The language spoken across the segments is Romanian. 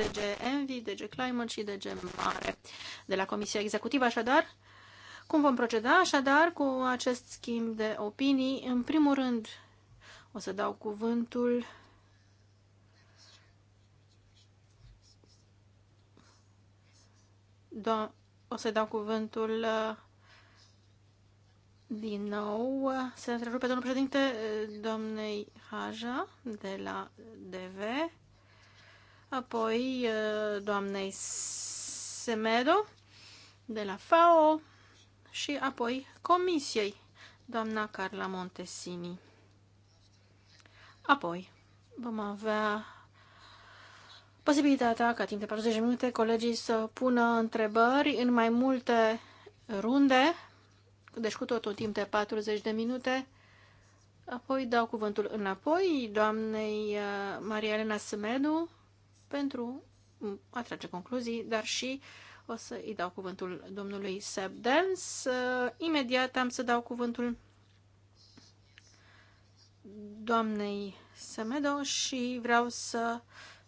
DG Envy, DG Climate și DG Mare de la Comisia Executivă. Așadar, cum vom proceda? Așadar, cu acest schimb de opinii, în primul rând, o să dau cuvântul Do o să dau cuvântul uh, din nou. Uh, se întrerupe domnul președinte uh, domnei Haja de la DV apoi uh, doamnei Semedo de la FAO și apoi comisiei, doamna Carla Montesini. Apoi vom avea posibilitatea ca timp de 40 minute colegii să pună întrebări în mai multe runde, deci cu totul timp de 40 de minute. Apoi dau cuvântul înapoi doamnei uh, Maria Elena Semedu pentru a trage concluzii, dar și o să îi dau cuvântul domnului Seb Dance. Uh, imediat am să dau cuvântul doamnei Semedo și vreau să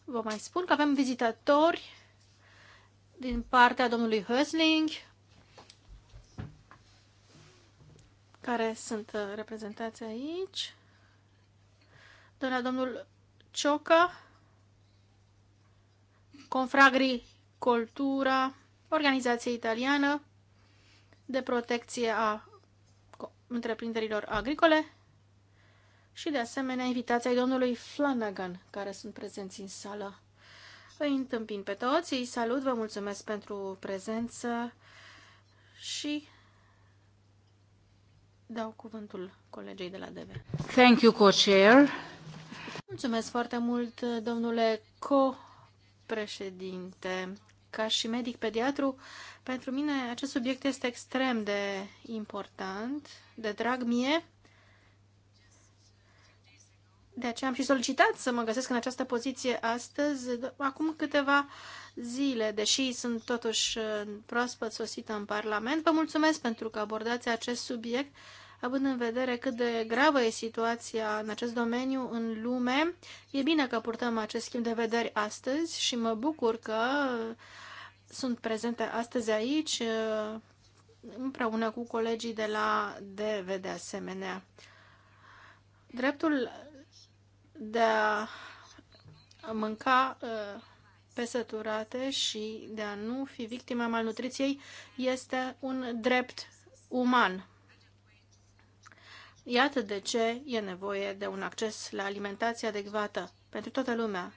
vă mai spun că avem vizitatori din partea domnului Hösling, care sunt uh, reprezentați aici, Doamna domnul Cioca, Confragri Cultura, organizație italiană de protecție a întreprinderilor agricole și de asemenea invitația domnului Flanagan, care sunt prezenți în sală. Îi întâmpin pe toți, îi salut, vă mulțumesc pentru prezență și dau cuvântul colegei de la DV. Thank you, co-chair. Mulțumesc foarte mult, domnule co președinte. Ca și medic pediatru, pentru mine acest subiect este extrem de important, de drag mie. De aceea am și solicitat să mă găsesc în această poziție astăzi, acum câteva zile, deși sunt totuși uh, proaspăt sosită în Parlament. Vă mulțumesc pentru că abordați acest subiect având în vedere cât de gravă e situația în acest domeniu în lume. E bine că purtăm acest schimb de vederi astăzi și mă bucur că sunt prezente astăzi aici uh, împreună cu colegii de la DV de asemenea. Dreptul de a mânca uh, pe și de a nu fi victima malnutriției este un drept uman Iată de ce e nevoie de un acces la alimentație adecvată pentru toată lumea.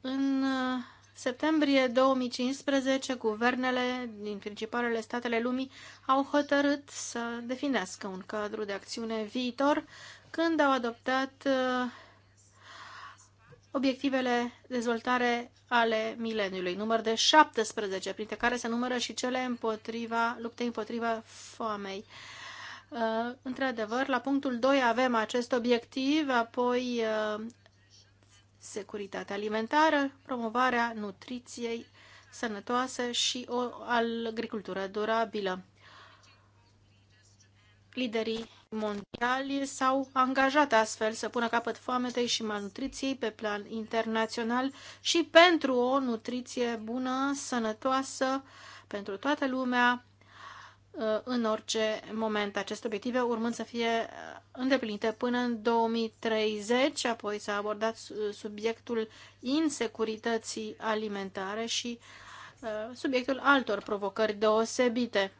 În uh, septembrie 2015, guvernele din principalele statele lumii au hotărât să definească un cadru de acțiune viitor când au adoptat uh, obiectivele dezvoltare ale mileniului, număr de 17, printre care se numără și cele împotriva, luptei împotriva foamei. Uh, într-adevăr, la punctul 2 avem acest obiectiv, apoi uh, securitatea alimentară, promovarea nutriției sănătoase și o agricultură durabilă. Liderii mondiali s-au angajat astfel să pună capăt foametei și malnutriției pe plan internațional și pentru o nutriție bună, sănătoasă pentru toată lumea, Uh, în orice moment aceste obiective, urmând să fie uh, îndeplinite până în 2030. Apoi s-a abordat uh, subiectul insecurității alimentare și subiectul altor provocări deosebite.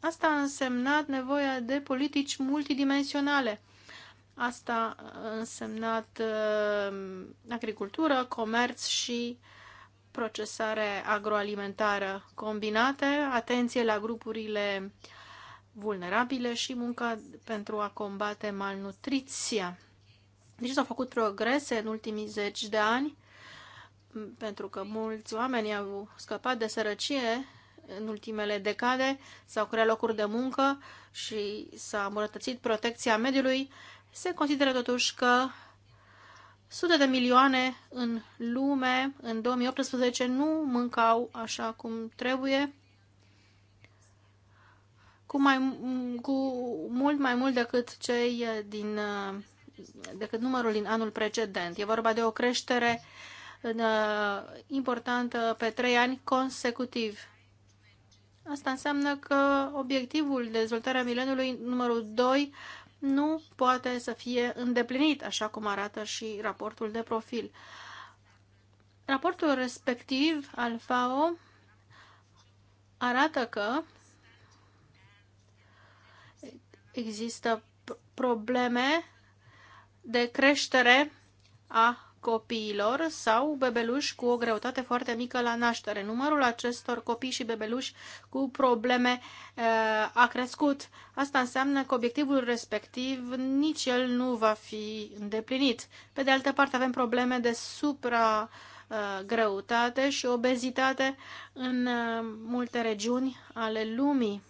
Asta a însemnat nevoia de politici multidimensionale. Asta a însemnat agricultură, comerț și uh, procesare agroalimentară combinate, atenție la grupurile vulnerabile și munca pentru a combate malnutriția. Deci s-au făcut progrese în ultimii zeci de ani, pentru că mulți oameni au scăpat de sărăcie în ultimele decade, s-au creat locuri de muncă și s-a îmbunătățit protecția mediului, se consideră totuși că Sute de milioane în lume în 2018 nu mâncau așa cum trebuie, cu, mai, cu mult mai mult decât cei din decât numărul din anul precedent. E vorba de o creștere importantă pe trei ani consecutiv. Asta înseamnă că obiectivul de dezvoltare a mileniului numărul 2 nu poate să fie îndeplinit, așa cum arată și raportul de profil. Raportul respectiv al FAO arată că există probleme de creștere a copiilor sau bebeluși cu o greutate foarte mică la naștere. Numărul acestor copii și bebeluși cu probleme uh, a crescut. Asta înseamnă că obiectivul respectiv nici el nu va fi îndeplinit. Pe de altă parte avem probleme de supra uh, greutate și obezitate în uh, multe regiuni ale lumii.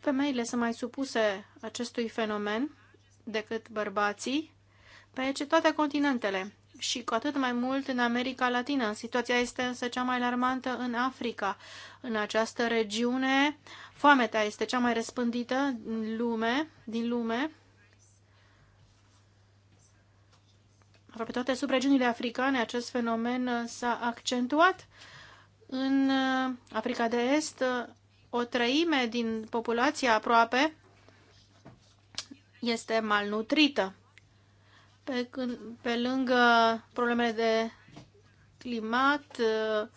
Femeile sunt mai supuse acestui fenomen decât bărbații pe toate continentele și cu atât mai mult în America Latină. Situația este însă cea mai alarmantă în Africa. În această regiune, foamea este cea mai răspândită din lume, din lume. Aproape toate subregiunile africane, acest fenomen s-a accentuat. În Africa de Est, o treime din populația aproape este malnutrită pe, când, pe lângă problemele de climat uh,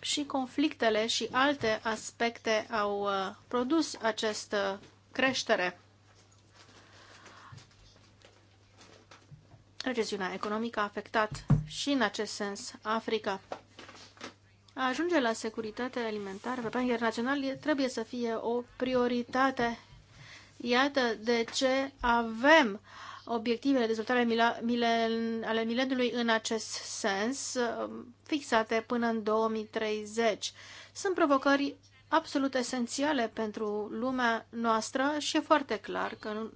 și conflictele și alte aspecte au uh, produs această creștere. Recesiunea economică a afectat și în acest sens Africa. A ajunge la securitate alimentară pe plan internațional trebuie să fie o prioritate. Iată de ce avem uh, obiectivele de dezvoltare ale mileniului în acest sens, um, fixate până în 2030. Sunt provocări absolut esențiale pentru lumea noastră și e foarte clar că nu,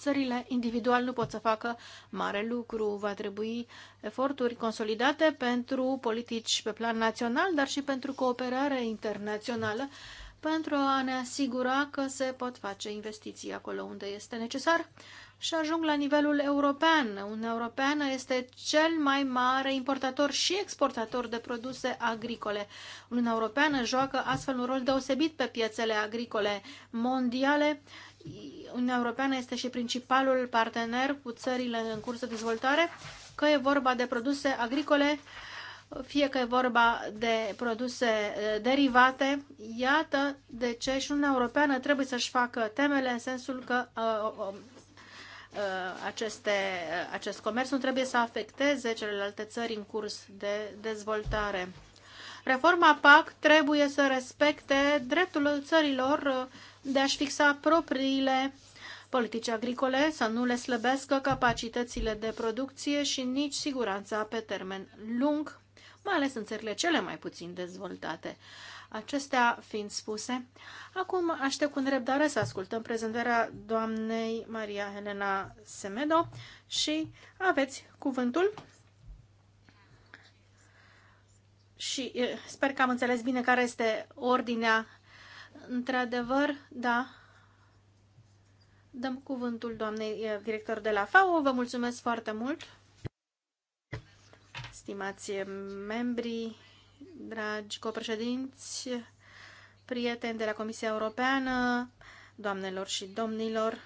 țările individual nu pot să facă mare lucru. Va trebui eforturi consolidate pentru politici pe plan național, dar și pentru cooperare internațională, pentru a ne asigura că se pot face investiții acolo unde este necesar și ajung la nivelul european. Uniunea Europeană este cel mai mare importator și exportator de produse agricole. Uniunea Europeană joacă astfel un rol deosebit pe piețele agricole mondiale. Uniunea Europeană este și principalul partener cu țările în curs de dezvoltare, că e vorba de produse agricole, fie că e vorba de produse eh, derivate, iată de ce și Uniunea Europeană trebuie să-și facă temele în sensul că eh, Uh, aceste, uh, acest comerț nu trebuie să afecteze celelalte țări în curs de dezvoltare. Reforma PAC trebuie să respecte dreptul țărilor uh, de a-și fixa propriile politici agricole, să nu le slăbească capacitățile de producție și nici siguranța pe termen lung, mai ales în țările cele mai puțin dezvoltate. Acestea fiind spuse, acum aștept cu nerăbdare să ascultăm prezentarea doamnei Maria Helena Semedo și aveți cuvântul. Și sper că am înțeles bine care este ordinea. Într-adevăr, da, dăm cuvântul doamnei director de la FAO. Vă mulțumesc foarte mult, stimați membrii dragi copreședinți, prieteni de la Comisia Europeană, doamnelor și domnilor,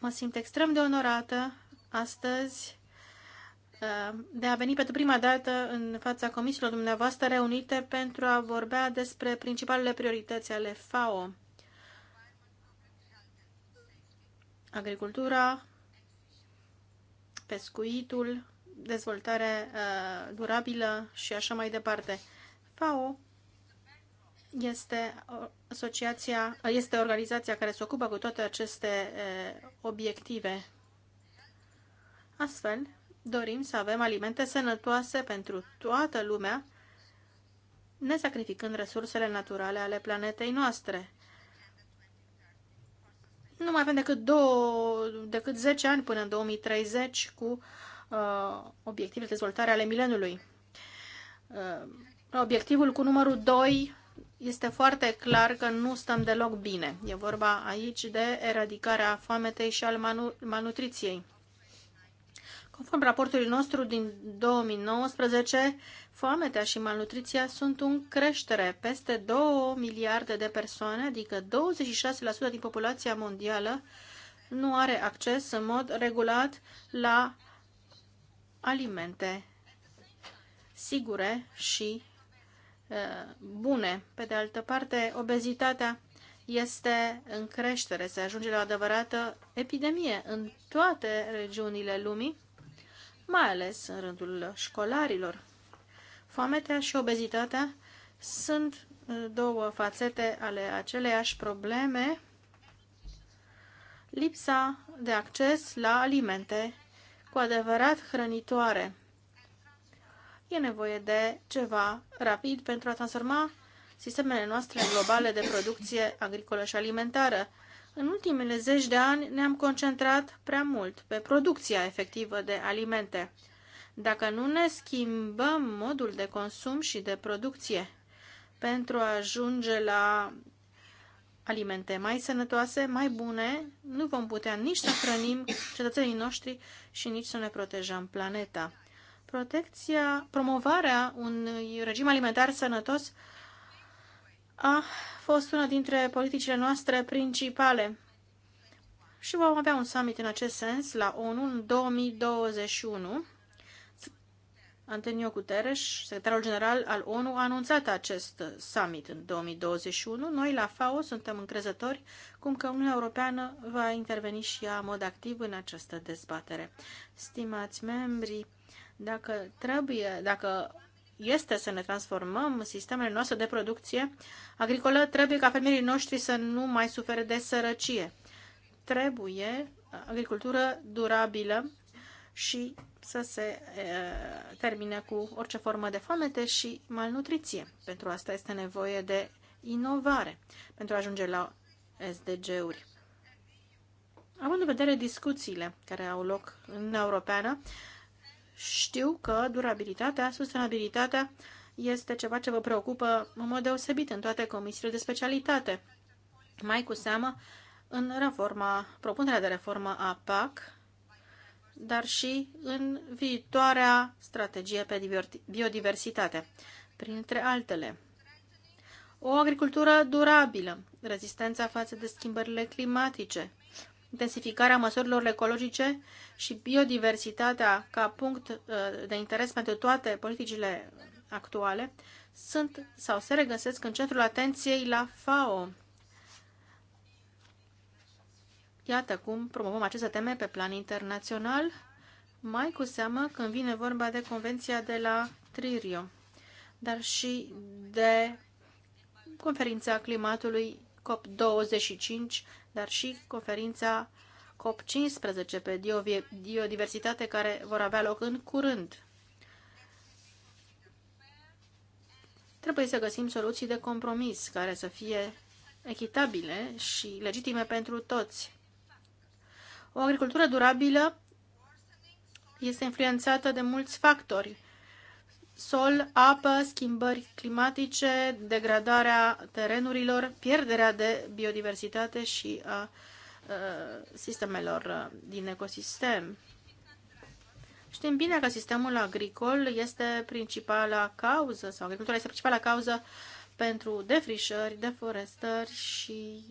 mă simt extrem de onorată astăzi uh, de a veni pentru prima dată în fața comisiilor dumneavoastră reunite pentru a vorbea despre principalele priorități ale FAO. Agricultura, pescuitul, dezvoltare uh, durabilă și așa mai departe. FAO este asociația, uh, este organizația care se ocupă cu toate aceste uh, obiective. Astfel, dorim să avem alimente sănătoase pentru toată lumea, ne sacrificând resursele naturale ale planetei noastre. Nu mai avem decât, două, decât 10 ani până în 2030 cu uh, obiectivele de dezvoltare ale milenului. Uh, obiectivul cu numărul 2 este foarte clar că nu stăm deloc bine. E vorba aici de eradicarea foametei și al malnutriției. Conform raportului nostru din 2019, foametea și malnutriția sunt în creștere. Peste 2 miliarde de persoane, adică 26% din populația mondială, nu are acces în mod regulat la alimente sigure și uh, bune. Pe de altă parte, obezitatea este în creștere, se ajunge la o adevărată epidemie în toate regiunile lumii, mai ales în rândul școlarilor. Foametea și obezitatea sunt uh, două fațete ale aceleiași probleme, lipsa de acces la alimente cu adevărat hrănitoare. E nevoie de ceva rapid pentru a transforma sistemele noastre globale de producție agricolă și alimentară. În ultimele zeci de ani ne-am concentrat prea mult pe producția efectivă de alimente. Dacă nu ne schimbăm modul de consum și de producție pentru a ajunge la alimente mai sănătoase, mai bune, nu vom putea nici să hrănim cetățenii noștri și nici să ne protejăm planeta. Protecția, promovarea unui regim alimentar sănătos a fost una dintre politicile noastre principale. Și vom avea un summit în acest sens la ONU în 2021 Antonio Guterres, secretarul general al ONU, a anunțat acest summit în 2021. Noi la FAO suntem încrezători cum că Uniunea Europeană va interveni și ea în mod activ în această dezbatere. Stimați membri, dacă trebuie, dacă este să ne transformăm sistemele noastre de producție agricolă, trebuie ca fermierii noștri să nu mai sufere de sărăcie. Trebuie agricultură durabilă și să se e, termine cu orice formă de foamete și malnutriție. Pentru asta este nevoie de inovare pentru a ajunge la SDG-uri. Având în vedere discuțiile care au loc în Europeană, știu că durabilitatea, sustenabilitatea este ceva ce vă preocupă în mod deosebit în toate comisiile de specialitate. Mai cu seamă, în reforma, propunerea de reformă a PAC, dar și în viitoarea strategie pe biodiversitate, printre altele. O agricultură durabilă, rezistența față de schimbările climatice, intensificarea măsurilor ecologice și biodiversitatea ca punct uh, de interes pentru toate politicile actuale sunt sau se regăsesc în centrul atenției la FAO Iată cum promovăm aceste teme pe plan internațional, mai cu seamă când vine vorba de Convenția de la Tririo, dar și de Conferința Climatului COP25, dar și Conferința COP15 pe biodiversitate care vor avea loc în curând. Trebuie să găsim soluții de compromis care să fie echitabile și legitime pentru toți. O agricultură durabilă este influențată de mulți factori. Sol, apă, schimbări climatice, degradarea terenurilor, pierderea de biodiversitate și a, a uh, sistemelor uh, din ecosistem. Știm bine că sistemul agricol este principala cauză, sau agricultura este principala cauză pentru defrișări, deforestări și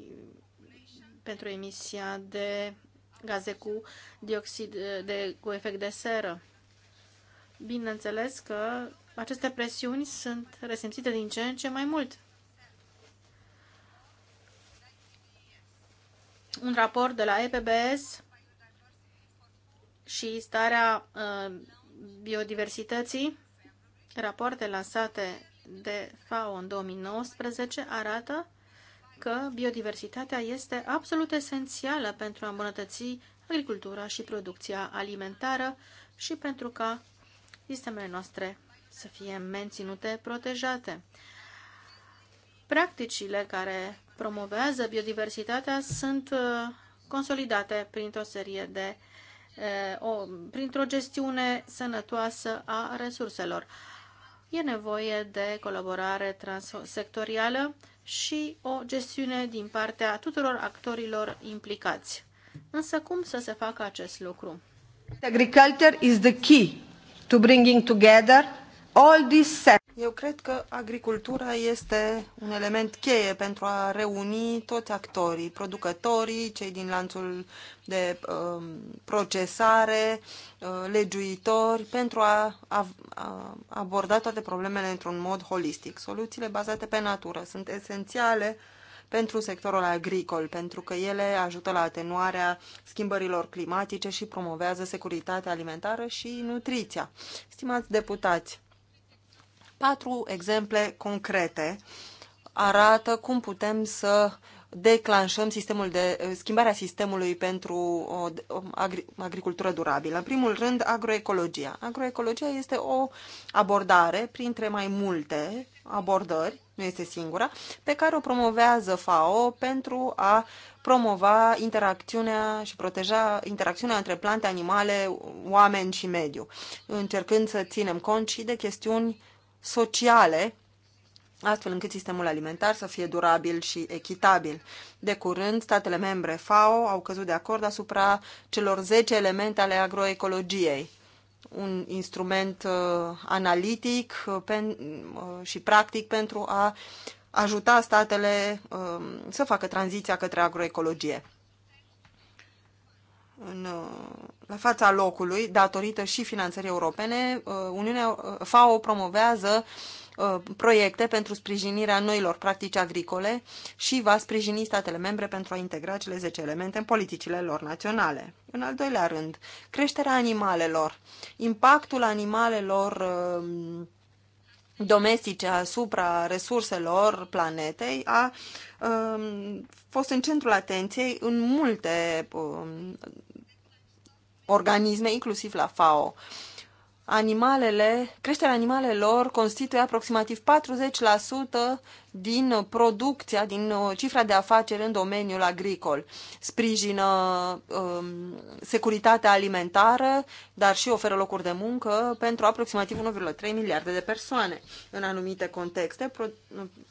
pentru emisia de gaze cu dioxid de, cu efect de seră. Bineînțeles că aceste presiuni sunt resimțite din ce în ce mai mult. Un raport de la EPBS și starea uh, biodiversității, rapoarte lansate de FAO în 2019, arată că biodiversitatea este absolut esențială pentru a îmbunătăți agricultura și producția alimentară și pentru ca sistemele noastre să fie menținute, protejate. Practicile care promovează biodiversitatea sunt uh, consolidate printr-o serie de uh, printr-o gestiune sănătoasă a resurselor. E nevoie de colaborare transsectorială și o gestiune din partea tuturor actorilor implicați. Însă cum să se facă acest lucru? Agriculture is the key to bringing together all these eu cred că agricultura este un element cheie pentru a reuni toți actorii, producătorii, cei din lanțul de um, procesare, uh, legiuitori, pentru a, a, a aborda toate problemele într-un mod holistic. Soluțiile bazate pe natură sunt esențiale pentru sectorul agricol, pentru că ele ajută la atenuarea schimbărilor climatice și promovează securitatea alimentară și nutriția. Stimați deputați, Patru exemple concrete arată cum putem să declanșăm sistemul de, eh, schimbarea sistemului pentru o, o agri, agricultură durabilă. În primul rând, agroecologia. Agroecologia este o abordare printre mai multe abordări, nu este singura, pe care o promovează FAO pentru a promova interacțiunea și proteja interacțiunea între plante, animale, oameni și mediu, încercând să ținem cont și de chestiuni sociale, astfel încât sistemul alimentar să fie durabil și echitabil. De curând, statele membre FAO au căzut de acord asupra celor 10 elemente ale agroecologiei, un instrument uh, analitic uh, uh, și practic pentru a ajuta statele um, să facă tranziția către agroecologie în, uh, la fața locului, datorită și finanțării europene, uh, Uniunea uh, FAO promovează proiecte pentru sprijinirea noilor practici agricole și va sprijini statele membre pentru a integra cele 10 elemente în politicile lor naționale. În al doilea rând, creșterea animalelor. Impactul animalelor um, domestice asupra resurselor planetei a um, fost în centrul atenției în multe um, organisme, inclusiv la FAO animalele, creșterea animalelor constituie aproximativ 40% din producția, din uh, cifra de afaceri în domeniul agricol. Sprijină um, securitatea alimentară, dar și oferă locuri de muncă pentru aproximativ 1,3 miliarde de persoane. În anumite contexte, pro,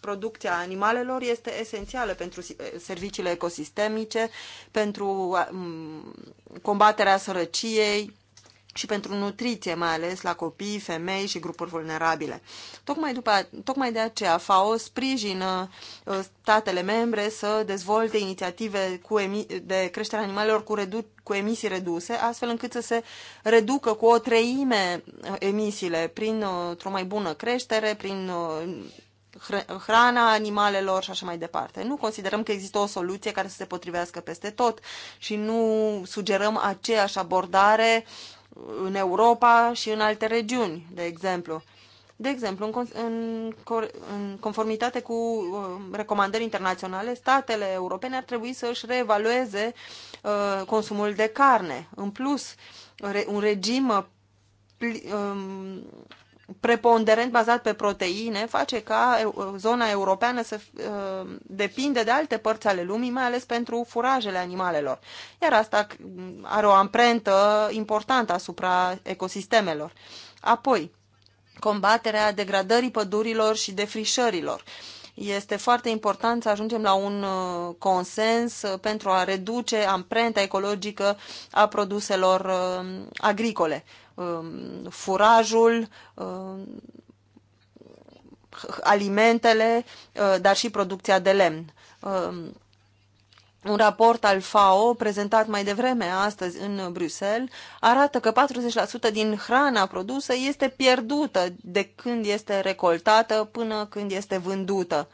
producția animalelor este esențială pentru eh, serviciile ecosistemice, pentru um, combaterea sărăciei, și pentru nutriție, mai ales la copii, femei și grupuri vulnerabile. Tocmai, după, tocmai de aceea FAO sprijină uh, statele membre să dezvolte inițiative cu de creștere animalelor cu, redu- cu emisii reduse, astfel încât să se reducă cu o treime uh, emisiile prin uh, o mai bună creștere, prin hrana animalelor și așa mai departe. Nu considerăm că există o soluție care să se potrivească peste tot și nu sugerăm aceeași abordare uh, în Europa și în alte regiuni, de exemplu. De exemplu, în, în, în conformitate cu uh, recomandări internaționale, statele europene ar trebui să își reevalueze uh, consumul de carne. În plus, un regim uh, um, preponderent bazat pe proteine face ca zona europeană să uh, depinde de alte părți ale lumii, mai ales pentru furajele animalelor. Iar asta mm, are o amprentă importantă asupra ecosistemelor. Apoi, combaterea degradării pădurilor și defrișărilor. Este foarte important să ajungem la un uh, consens uh, pentru a reduce amprenta ecologică a produselor agricole. Um, furajul, um, alimentele, uh, dar și producția de lemn. Um, un raport al FAO prezentat mai devreme astăzi în Bruxelles arată că 40% din hrana produsă este pierdută de când este recoltată până când este vândută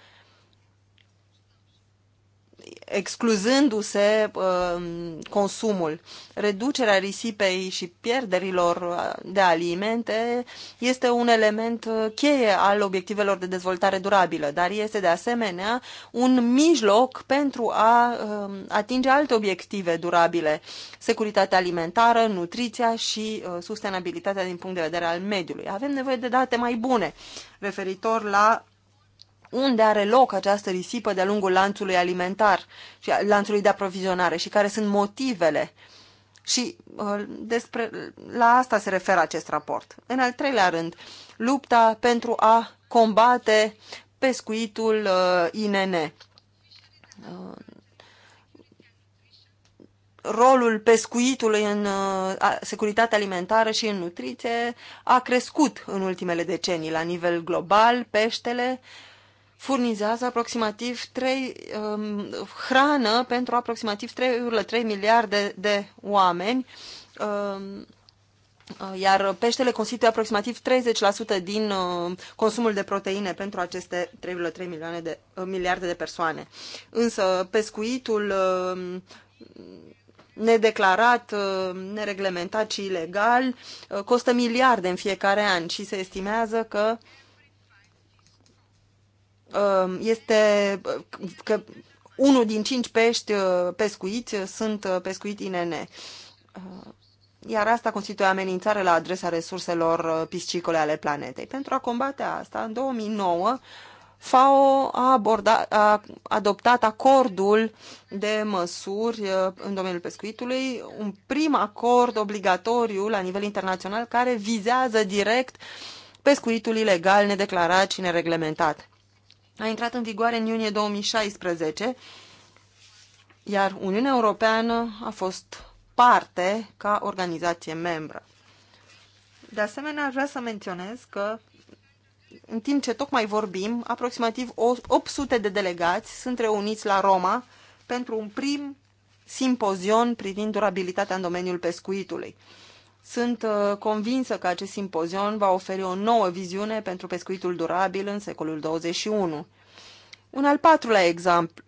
excluzându-se uh, consumul. Reducerea risipei și pierderilor de alimente este un element cheie al obiectivelor de dezvoltare durabilă, dar este de asemenea un mijloc pentru a um, atinge alte obiective durabile, securitatea alimentară, nutriția și uh, sustenabilitatea din punct de vedere al mediului. Avem nevoie de date mai bune referitor la unde are loc această risipă de-a lungul lanțului alimentar și lanțului de aprovizionare și care sunt motivele. Și uh, despre, la asta se referă acest raport. În al treilea rând, lupta pentru a combate pescuitul uh, INN. Uh, rolul pescuitului în uh, securitatea alimentară și în nutriție a crescut în ultimele decenii la nivel global. Peștele uh, furnizează aproximativ 3 um, hrană pentru aproximativ 3,3 miliarde de oameni, um, uh, iar peștele constituie aproximativ 30% din uh, consumul de proteine pentru aceste 3,3 milioane de uh, miliarde de persoane. Însă pescuitul um, uh, nedeclarat, nereglementat și ilegal uh, costă miliarde în fiecare an și se estimează că uh, Um, este că unul din cinci pești uh, pescuiți sunt uh, pescuiti INN. Uh, iar asta constituie amenințare la adresa resurselor piscicole ale planetei. Pentru a combate asta, în 2009, FAO a, abordat, a adoptat acordul de măsuri în domeniul pescuitului, un prim acord obligatoriu la nivel internațional care vizează direct pescuitul ilegal, nedeclarat și nereglementat a intrat în vigoare în iunie 2016, iar Uniunea Europeană a fost parte ca organizație membră. De asemenea, aș vrea să menționez că în timp ce tocmai vorbim, aproximativ 800 de delegați sunt reuniți la Roma pentru un prim simpozion privind durabilitatea în domeniul pescuitului. Sunt uh, convinsă că acest simpozion va oferi o nouă viziune pentru pescuitul durabil în secolul 21. Un al patrulea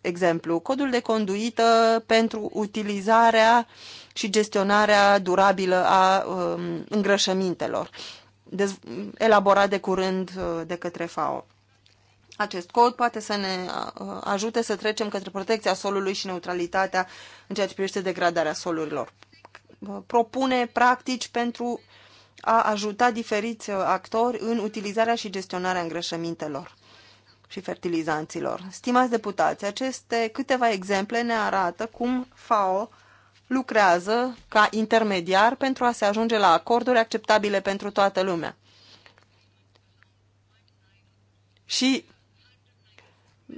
exemplu, codul de conduită pentru utilizarea și gestionarea durabilă a um, îngrășămintelor, elaborat de curând uh, de către FAO. Acest cod poate să ne uh, ajute să trecem către protecția solului și neutralitatea în ceea ce privește degradarea solurilor. Uh, propune practici pentru a ajuta diferiți uh, actori în utilizarea și gestionarea îngrășămintelor și fertilizanților. Stimați deputați, aceste câteva exemple ne arată cum FAO lucrează ca intermediar pentru a se ajunge la acorduri acceptabile pentru toată lumea. Și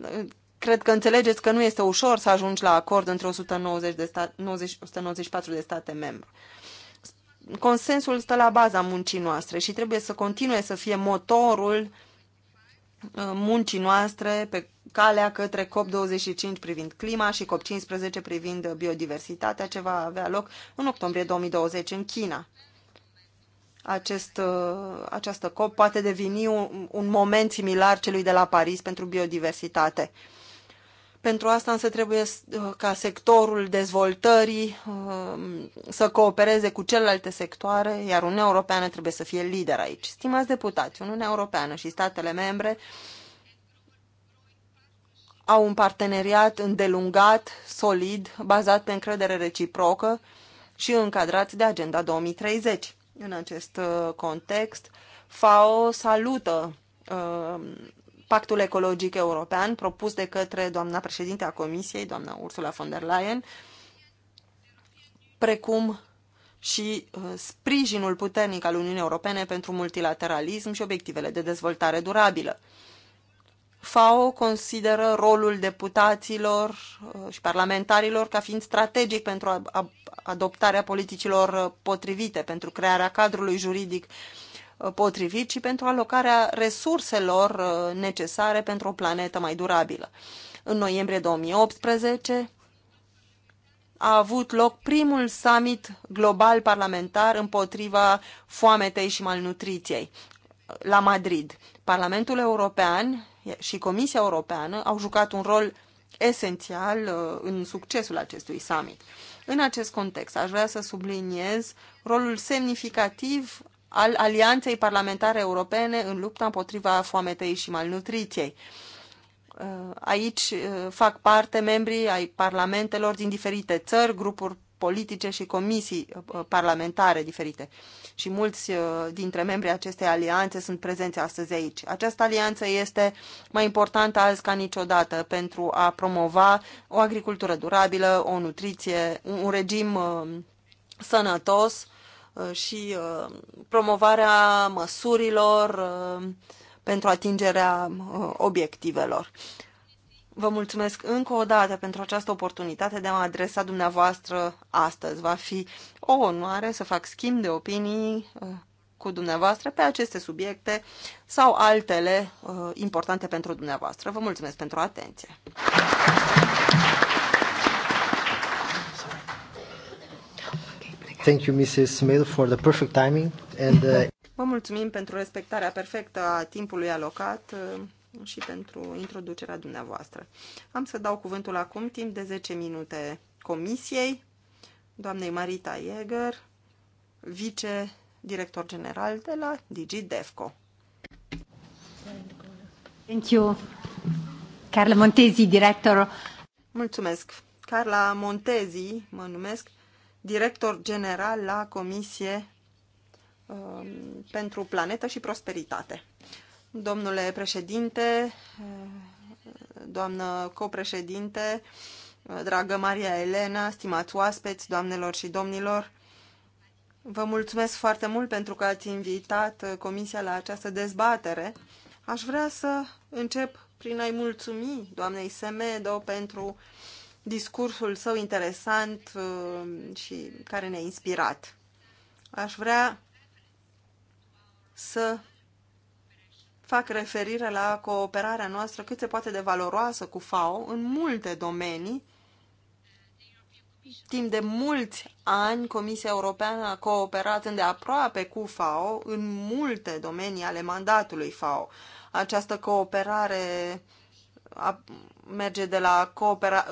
uh, Cred că înțelegeți că nu este ușor să ajungi la acord între 190 de sta- 90, 194 de state membre. Consensul stă la baza muncii noastre și trebuie să continue să fie motorul uh, muncii noastre pe calea către COP25 privind clima și COP15 privind biodiversitatea, ce va avea loc în octombrie 2020 în China. Acest, uh, această COP poate deveni un, un moment similar celui de la Paris pentru biodiversitate. Pentru asta însă trebuie uh, ca sectorul dezvoltării um, să coopereze cu celelalte sectoare, iar Uniunea Europeană trebuie să fie lider aici. Stimați deputați, Uniunea Europeană și statele membre au un parteneriat îndelungat, solid, bazat pe încredere reciprocă și încadrat de Agenda 2030. În acest uh, context, FAO salută uh, pactul ecologic european propus de către doamna președinte a Comisiei, doamna Ursula von der Leyen, precum și uh, sprijinul puternic al Uniunii Europene pentru multilateralism și obiectivele de dezvoltare durabilă. FAO consideră rolul deputaților uh, și parlamentarilor ca fiind strategic pentru adoptarea politicilor uh, potrivite, pentru crearea cadrului juridic uh, potrivit, ci pentru alocarea resurselor uh, necesare pentru o planetă mai durabilă. În noiembrie 2018 a avut loc primul summit global parlamentar împotriva foametei și malnutriției uh, la Madrid. Parlamentul European și Comisia Europeană au jucat un rol esențial uh, în succesul acestui summit. În acest context, aș vrea să subliniez rolul semnificativ al Alianței Parlamentare Europene în lupta împotriva foametei și malnutriției. Uh, aici uh, fac parte membrii ai parlamentelor din diferite țări, grupuri politice și comisii uh, parlamentare diferite. Și mulți dintre membrii acestei alianțe sunt prezenți astăzi aici. Această alianță este mai importantă azi ca niciodată pentru a promova o agricultură durabilă, o nutriție, un regim sănătos Uh, și uh, promovarea măsurilor uh, pentru atingerea obiectivelor. Vă mulțumesc încă o dată pentru această oportunitate de a mă adresa dumneavoastră astăzi. Va fi o onoare să fac schimb de opinii cu dumneavoastră pe aceste subiecte sau altele importante pentru dumneavoastră. Vă mulțumesc pentru atenție. Thank you, Mrs. Smith, for the perfect timing. And, uh, Vă mulțumim pentru respectarea perfectă a timpului alocat uh, și pentru introducerea dumneavoastră. Am să dau cuvântul acum, timp de 10 minute, Comisiei, doamnei Marita Jäger, vice-director general de la DigiDevco. Thank you. Carla Montezi, director. Mulțumesc. Carla Montezi, mă numesc, director general la Comisie um, pentru Planetă și Prosperitate. Domnule președinte, uh, doamnă copreședinte, uh, dragă Maria Elena, stimați oaspeți, doamnelor și domnilor, vă mulțumesc foarte mult pentru că ați invitat uh, Comisia la această dezbatere. Aș vrea să încep prin a-i mulțumi doamnei Semedo pentru uh, discursul său interesant uh, și care ne-a inspirat. Aș vrea să fac referire la cooperarea noastră cât se poate de valoroasă cu FAO în multe domenii. Timp de mulți ani, Comisia Europeană a cooperat îndeaproape cu FAO în multe domenii ale mandatului FAO. Această cooperare a merge de la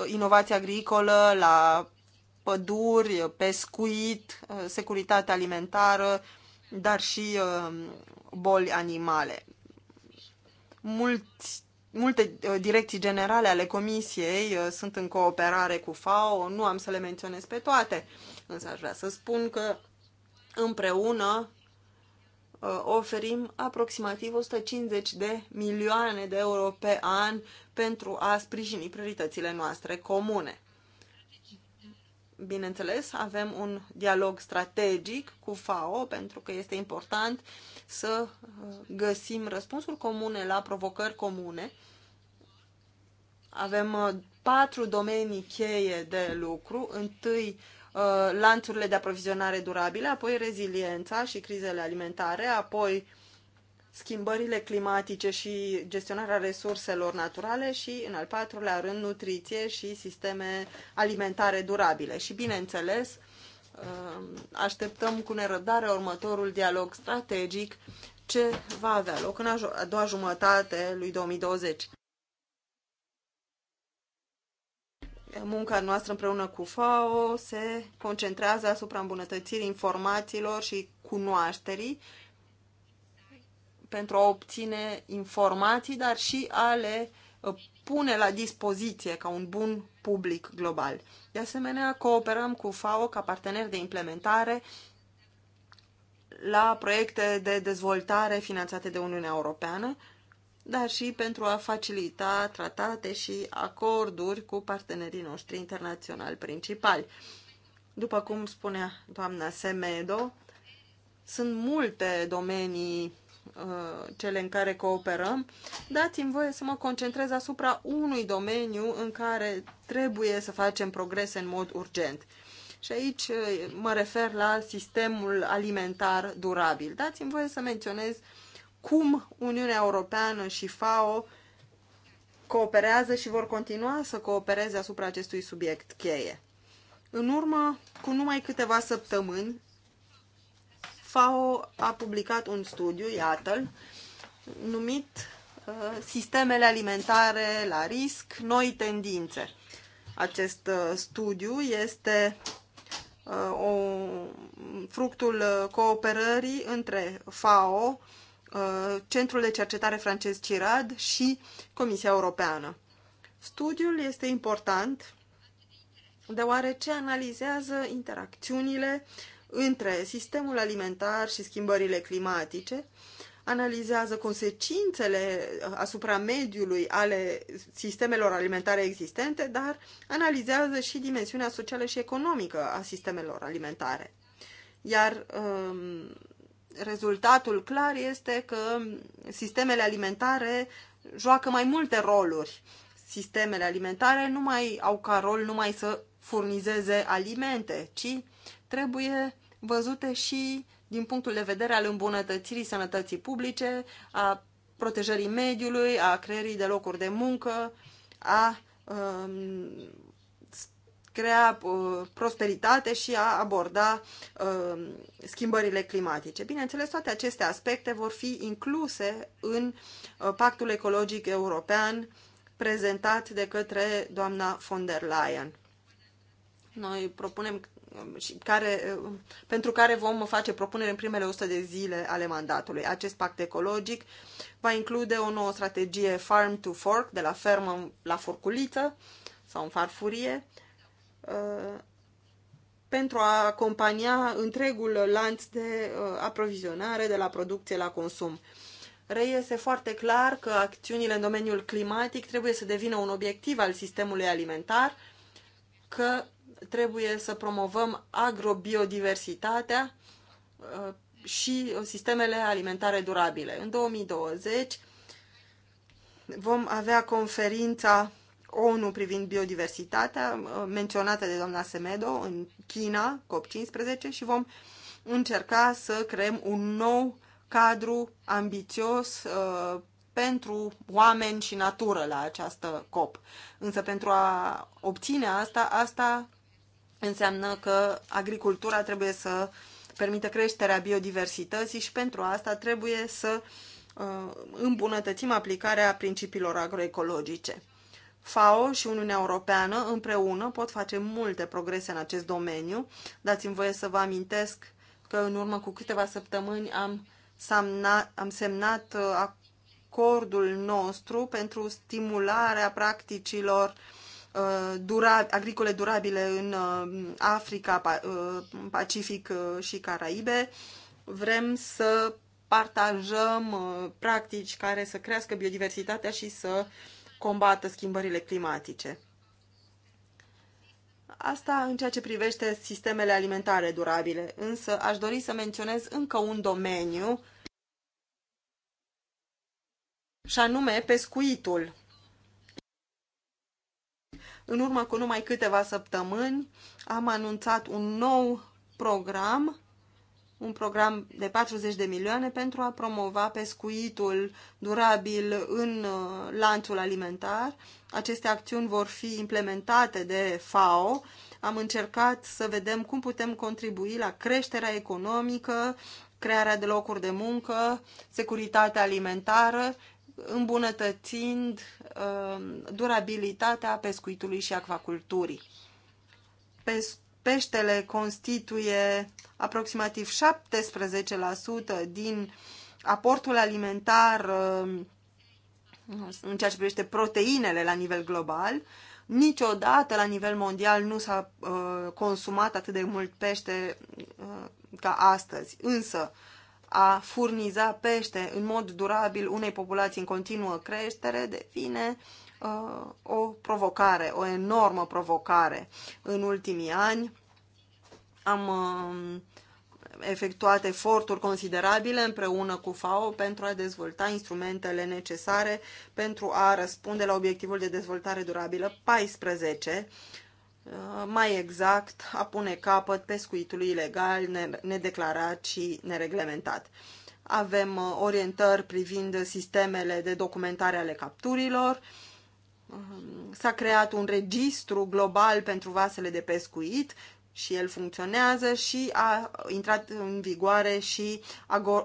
inovație agricolă, la păduri, pescuit, uh, securitate alimentară, dar și uh, boli animale. Mulți, multe uh, direcții generale ale Comisiei sunt în cooperare cu FAO, nu am să le menționez pe toate, însă aș vrea să spun că împreună Uh, oferim aproximativ 150 de milioane de euro pe an pentru a sprijini prioritățile noastre comune. Bineînțeles, avem un dialog strategic cu FAO pentru că este important să uh, găsim răspunsuri comune la provocări comune. Avem uh, patru domenii cheie de lucru. Întâi, Uh, lanțurile de aprovizionare durabile, apoi reziliența și crizele alimentare, apoi schimbările climatice și gestionarea resurselor naturale și, în al patrulea rând, nutriție și sisteme alimentare durabile. Și, bineînțeles, uh, așteptăm cu nerăbdare următorul dialog strategic ce va avea loc în a doua jumătate lui 2020. munca noastră împreună cu FAO se concentrează asupra îmbunătățirii informațiilor și cunoașterii pentru a obține informații, dar și a le uh, pune la dispoziție ca un bun public global. De asemenea, cooperăm cu FAO ca partener de implementare la proiecte de dezvoltare finanțate de Uniunea Europeană, dar și pentru a facilita tratate și acorduri cu partenerii noștri internaționali principali. După cum spunea doamna Semedo, sunt multe domenii uh, cele în care cooperăm, dați-mi voie să mă concentrez asupra unui domeniu în care trebuie să facem progrese în mod urgent. Și aici uh, mă refer la sistemul alimentar durabil. Dați-mi voie să menționez uh, cum Uniunea Europeană și FAO cooperează și vor continua să coopereze asupra acestui subiect cheie. În urmă, cu numai câteva săptămâni, FAO a publicat un studiu, iată-l, numit uh, Sistemele alimentare la risc, noi tendințe. Acest uh, studiu este uh, o, fructul cooperării între FAO Uh, Centrul de Cercetare Francesc CIRAD și Comisia Europeană. Studiul este important deoarece analizează interacțiunile între sistemul alimentar și schimbările climatice, analizează consecințele uh, asupra mediului ale sistemelor alimentare existente, dar analizează și dimensiunea socială și economică a sistemelor alimentare. Iar um, rezultatul clar este că sistemele alimentare joacă mai multe roluri. Sistemele alimentare nu mai au ca rol numai să furnizeze alimente, ci trebuie văzute și din punctul de vedere al îmbunătățirii sănătății publice, a protejării mediului, a creării de locuri de muncă, a um, crea uh, prosperitate și a aborda uh, schimbările climatice. Bineînțeles, toate aceste aspecte vor fi incluse în uh, Pactul Ecologic European prezentat de către doamna von der Leyen. Noi propunem și care, pentru care vom face propunere în primele 100 de zile ale mandatului. Acest pact ecologic va include o nouă strategie farm to fork, de la fermă la forculiță sau în farfurie, Uh, pentru a acompania întregul lanț de uh, aprovizionare, de la producție la consum. Reiese foarte clar că acțiunile în domeniul climatic trebuie să devină un obiectiv al sistemului alimentar, că trebuie să promovăm agrobiodiversitatea uh, și sistemele alimentare durabile. În 2020 vom avea conferința ONU privind biodiversitatea, uh, menționată de doamna Semedo în China, COP15, și vom încerca să creăm un nou cadru ambițios uh, pentru oameni și natură la această COP. Însă pentru a obține asta, asta înseamnă că agricultura trebuie să permită creșterea biodiversității și pentru asta trebuie să uh, îmbunătățim aplicarea principiilor agroecologice. FAO și Uniunea Europeană împreună pot face multe progrese în acest domeniu. Dați-mi voie să vă amintesc că în urmă cu câteva săptămâni am, samnat, am semnat uh, acordul nostru pentru stimularea practicilor uh, dura, agricole durabile în uh, Africa, Pacific și Caraibe. Vrem să partajăm practici care să crească biodiversitatea și să uh, combată schimbările climatice. Asta în ceea ce privește sistemele alimentare durabile, însă aș dori să menționez încă un domeniu și anume pescuitul. În urmă cu numai câteva săptămâni am anunțat un nou program un program de 40 de milioane pentru a promova pescuitul durabil în uh, lanțul alimentar. Aceste acțiuni vor fi implementate de FAO. Am încercat să vedem cum putem contribui la creșterea economică, crearea de locuri de muncă, securitatea alimentară, îmbunătățind uh, durabilitatea pescuitului și acvaculturii peștele constituie aproximativ 17% din aportul alimentar um, în ceea ce privește proteinele la nivel global. Niciodată la nivel mondial nu s-a uh, consumat atât de mult pește uh, ca astăzi. Însă, a furniza pește în mod durabil unei populații în continuă creștere devine Uh, o provocare, o enormă provocare. În ultimii ani am uh, efectuat eforturi considerabile împreună cu FAO pentru a dezvolta instrumentele necesare pentru a răspunde la obiectivul de dezvoltare durabilă 14, uh, mai exact a pune capăt pescuitului ilegal, nedeclarat și nereglementat. Avem orientări privind sistemele de documentare ale capturilor, Um, s-a creat un registru global pentru vasele de pescuit și el funcționează și a intrat în vigoare și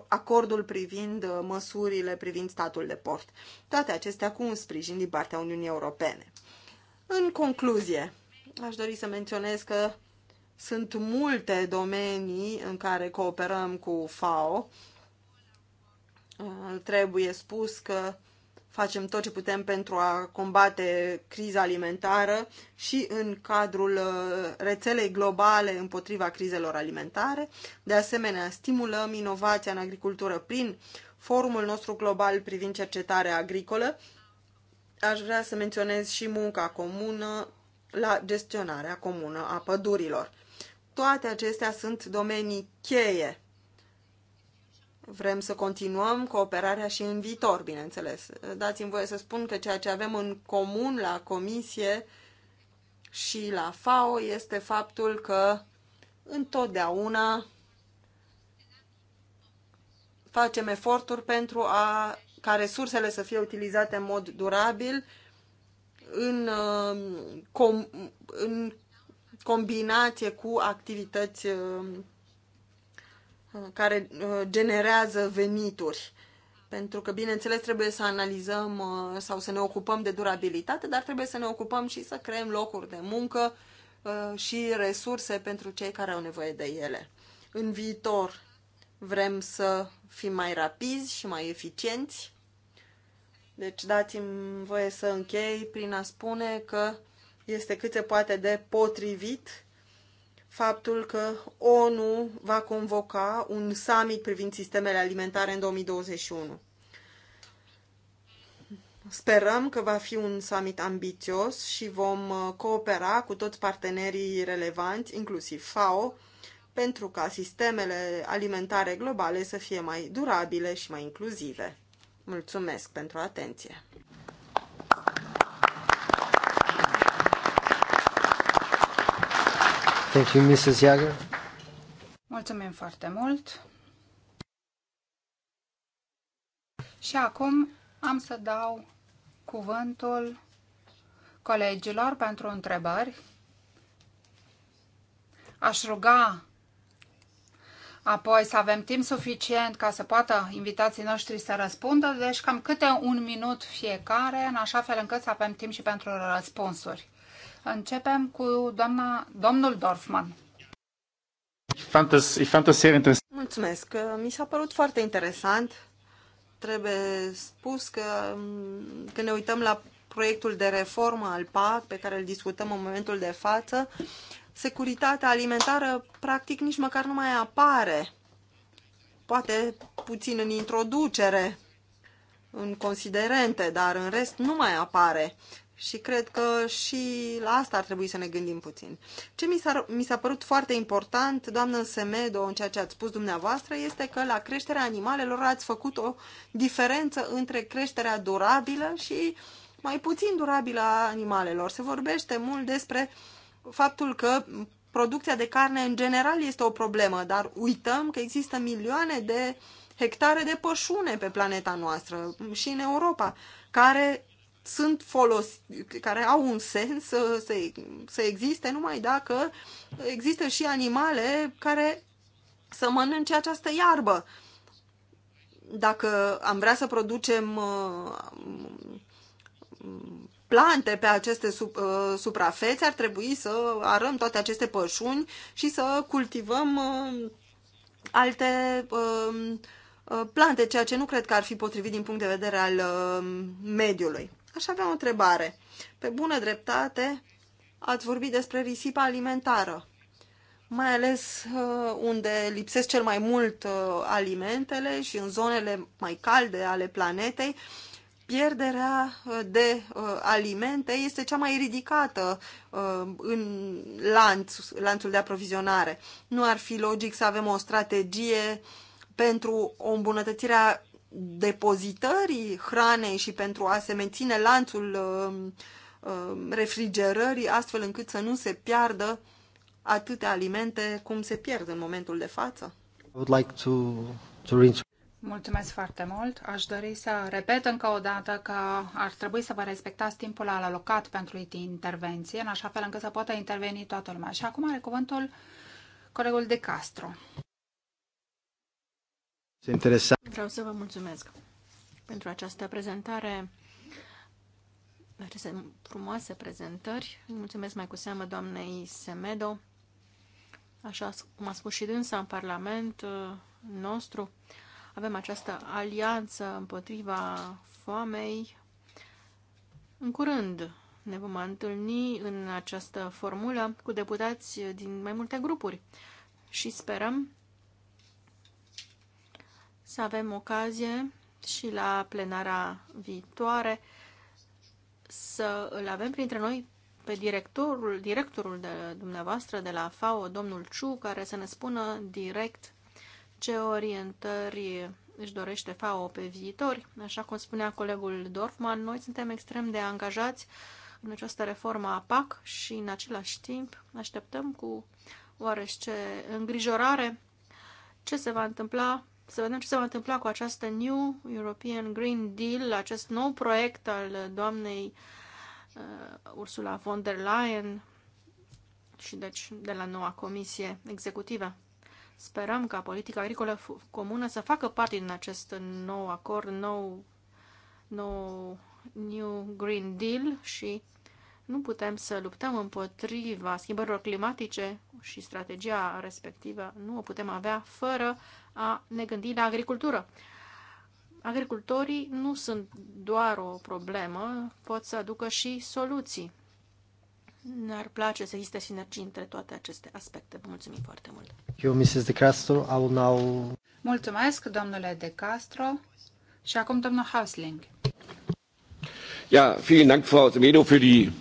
acordul privind uh, măsurile privind statul de port. Toate acestea cu un sprijin din partea Uniunii Europene. În concluzie, aș dori să menționez că sunt multe domenii în care cooperăm cu FAO. Uh, trebuie spus că facem tot ce putem pentru a combate criza alimentară și în cadrul uh, rețelei globale împotriva crizelor alimentare. De asemenea, stimulăm inovația în agricultură prin forumul nostru global privind cercetarea agricolă. Aș vrea să menționez și munca comună la gestionarea comună a pădurilor. Toate acestea sunt domenii cheie Vrem să continuăm cooperarea și în viitor, bineînțeles. Dați-mi voie să spun că ceea ce avem în comun la Comisie și la FAO este faptul că întotdeauna facem eforturi pentru a, ca resursele să fie utilizate în mod durabil în, uh, com, în combinație cu activități uh, care uh, generează venituri. Pentru că, bineînțeles, trebuie să analizăm uh, sau să ne ocupăm de durabilitate, dar trebuie să ne ocupăm și să creăm locuri de muncă uh, și resurse pentru cei care au nevoie de ele. În viitor vrem să fim mai rapizi și mai eficienți. Deci dați-mi voie să închei prin a spune că este cât se poate de potrivit faptul că ONU va convoca un summit privind sistemele alimentare în 2021. Sperăm că va fi un summit ambițios și vom uh, coopera cu toți partenerii relevanți, inclusiv FAO, pentru ca sistemele alimentare globale să fie mai durabile și mai inclusive. Mulțumesc pentru atenție! Thank you, Mrs. Jagger. Mulțumim foarte mult. Și acum am să dau cuvântul colegilor pentru întrebări. Aș ruga apoi să avem timp suficient ca să poată invitații noștri să răspundă, deci cam câte un minut fiecare, în așa fel încât să avem timp și pentru răspunsuri. Începem cu doamna, domnul Dorfman. Mulțumesc. Mi s-a părut foarte interesant. Trebuie spus că mm, când ne uităm la proiectul de reformă al PAC pe care îl discutăm în momentul de față, securitatea alimentară practic nici măcar nu mai apare. Poate puțin în introducere, în considerente, dar în rest nu mai apare. Și cred că și la asta ar trebui să ne gândim puțin. Ce mi s-a, mi s-a părut foarte important, doamnă Semedo, în ceea ce ați spus dumneavoastră, este că la creșterea animalelor ați făcut o diferență între creșterea durabilă și mai puțin durabilă a animalelor. Se vorbește mult despre faptul că producția de carne în general este o problemă, dar uităm că există milioane de hectare de pășune pe planeta noastră și în Europa, care sunt folos, care au un sens să, să, să existe numai dacă există și animale care să mănânce această iarbă. Dacă am vrea să producem uh, plante pe aceste uh, suprafețe, ar trebui să arăm toate aceste pășuni și să cultivăm uh, alte plante, ceea ce nu cred că ar fi potrivit din punct de vedere al mediului. Aș avea o întrebare. Pe bună dreptate, ați vorbit despre risipa alimentară, mai ales uh, unde lipsesc cel mai mult uh, alimentele și în zonele mai calde ale planetei, pierderea uh, de alimente este cea mai ridicată în lanț, lanțul de aprovizionare. Nu ar fi logic să avem o strategie pentru o îmbunătățire a depozitării hranei și pentru a se menține lanțul um, um, refrigerării, astfel încât să nu se piardă atâtea alimente cum se pierd în momentul de față. Mulțumesc foarte mult. Aș dori să repet încă o dată că ar trebui să vă respectați timpul alocat pentru intervenție, în așa fel încât să poată interveni toată lumea. Și acum are cuvântul colegul De Castro. Vreau să vă mulțumesc pentru această prezentare, aceste frumoase prezentări. mulțumesc mai cu seamă doamnei Semedo. Așa cum a spus și dânsa în Parlament uh, nostru, avem această alianță împotriva foamei. În curând ne vom întâlni în această formulă cu deputați din mai multe grupuri și sperăm să avem ocazie și la plenara viitoare să îl avem printre noi pe directorul, directorul de dumneavoastră de la FAO, domnul Ciu, care să ne spună direct ce orientări își dorește FAO pe viitor. Așa cum spunea colegul Dorfman, noi suntem extrem de angajați în această reformă a PAC și în același timp așteptăm cu oarește îngrijorare ce se va întâmpla să vedem ce se va întâmpla cu această New European Green Deal, acest nou proiect al doamnei uh, Ursula von der Leyen și deci de la noua comisie executivă. Sperăm ca politica agricolă comună să facă parte din acest nou acord, nou, nou New Green Deal și nu putem să luptăm împotriva schimbărilor climatice și strategia respectivă nu o putem avea fără a ne gândi la agricultură. Agricultorii nu sunt doar o problemă, pot să aducă și soluții. Ne-ar place să existe sinergii între toate aceste aspecte. Vă mulțumim foarte mult. Eu, Mrs. De Castro, I will now... Mulțumesc, domnule De Castro. Și acum, domnul Hausling. Ja, vielen Dank, Frau Semedo, für die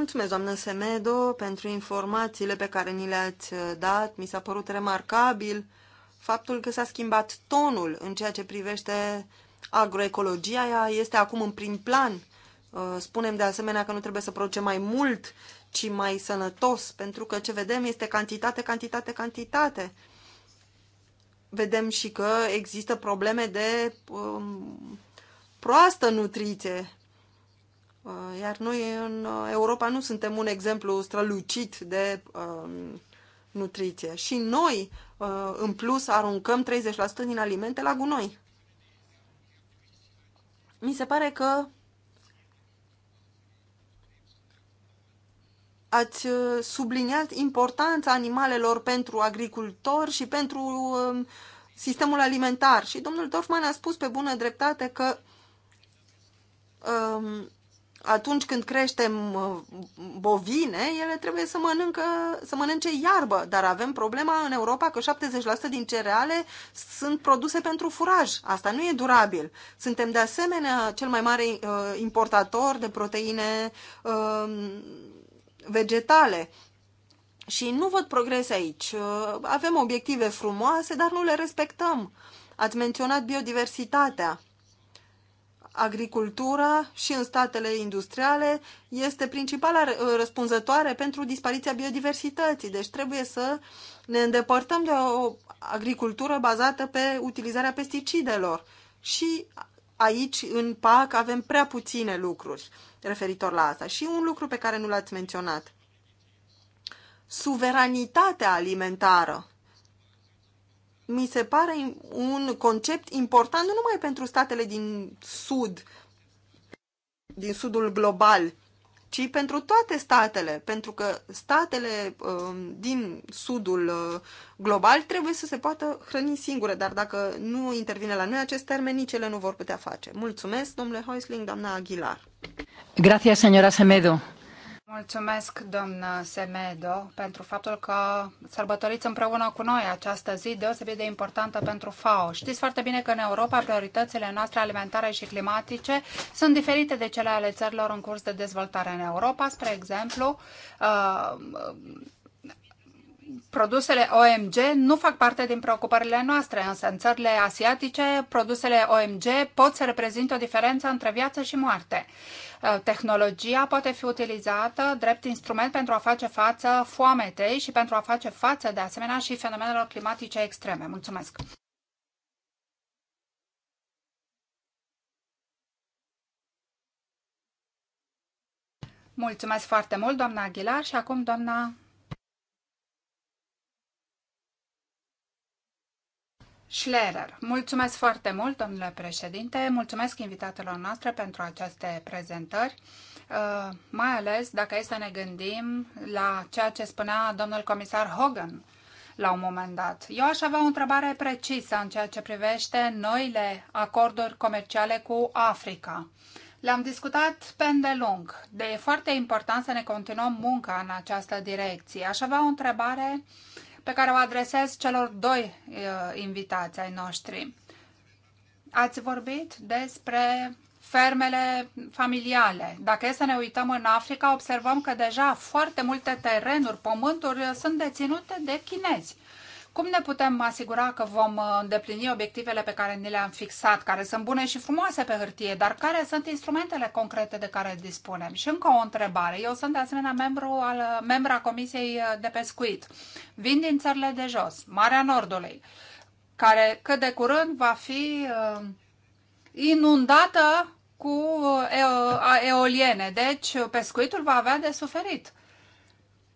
Mulțumesc, doamnă Semedo, pentru informațiile pe care ni le-ați uh, dat. Mi s-a părut remarcabil faptul că s-a schimbat tonul în ceea ce privește agroecologia. Ea este acum în prim plan. Uh, spunem de asemenea că nu trebuie să producem mai mult, ci mai sănătos, pentru că ce vedem este cantitate, cantitate, cantitate. Vedem și că există probleme de um, proastă nutriție Uh, iar noi în uh, Europa nu suntem un exemplu strălucit de um, nutriție. Și noi, uh, în plus, aruncăm 30% din alimente la gunoi. Mi se pare că ați subliniat importanța animalelor pentru agricultor și pentru um, sistemul alimentar. Și domnul Dorfman a spus pe bună dreptate că um, atunci când creștem uh, bovine, ele trebuie să, mănâncă, să mănânce iarbă, dar avem problema în Europa că 70% din cereale sunt produse pentru furaj. Asta nu e durabil. Suntem de asemenea cel mai mare uh, importator de proteine um, vegetale. Și nu văd progres aici. Uh, avem obiective frumoase, dar nu le respectăm. Ați menționat biodiversitatea agricultura și în statele industriale este principala răspunzătoare pentru dispariția biodiversității. Deci trebuie să ne îndepărtăm de o agricultură bazată pe utilizarea pesticidelor. Și aici, în PAC, avem prea puține lucruri referitor la asta. Și un lucru pe care nu l-ați menționat. Suveranitatea alimentară mi se pare un concept important nu numai pentru statele din sud, din sudul global, ci pentru toate statele, pentru că statele um, din sudul uh, global trebuie să se poată hrăni singure, dar dacă nu intervine la noi acest termen, nici ele nu vor putea face. Mulțumesc, domnule Heusling, doamna Aguilar. Gracias, señora Semedo. Mulțumesc, doamnă Semedo, pentru faptul că sărbătoriți împreună cu noi această zi deosebit de importantă pentru FAO. Știți foarte bine că în Europa prioritățile noastre alimentare și climatice sunt diferite de cele ale țărilor în curs de dezvoltare în Europa. Spre exemplu, uh, produsele OMG nu fac parte din preocupările noastre, însă în țările asiatice produsele OMG pot să reprezinte o diferență între viață și moarte. Uh, tehnologia poate fi utilizată drept instrument pentru a face față foametei și pentru a face față, de asemenea, și fenomenelor climatice extreme. Mulțumesc! Mulțumesc foarte mult, doamna Aguilar, și acum doamna Schlerer. Mulțumesc foarte mult, domnule președinte, mulțumesc invitatelor noastre pentru aceste prezentări, uh, mai ales dacă e să ne gândim la ceea ce spunea domnul comisar Hogan la un moment dat. Eu aș avea o întrebare precisă în ceea ce privește noile acorduri comerciale cu Africa. Le-am discutat pe îndelung, de e foarte important să ne continuăm munca în această direcție. Aș avea o întrebare uh, pe care o adresez celor doi uh, invitați ai noștri. Ați vorbit despre fermele familiale. Dacă e să ne uităm în Africa, observăm că deja foarte multe terenuri, pământuri uh, sunt deținute de chinezi. Cum ne putem asigura că vom uh, îndeplini obiectivele pe care ni le-am fixat, care sunt bune și frumoase pe hârtie, dar care sunt instrumentele concrete de care dispunem? Și încă o întrebare. Eu sunt de asemenea membru al, uh, membra Comisiei uh, de Pescuit. Vin din țările de jos, Marea Nordului, care cât de curând va fi inundată cu eoliene. Deci pescuitul va avea de suferit.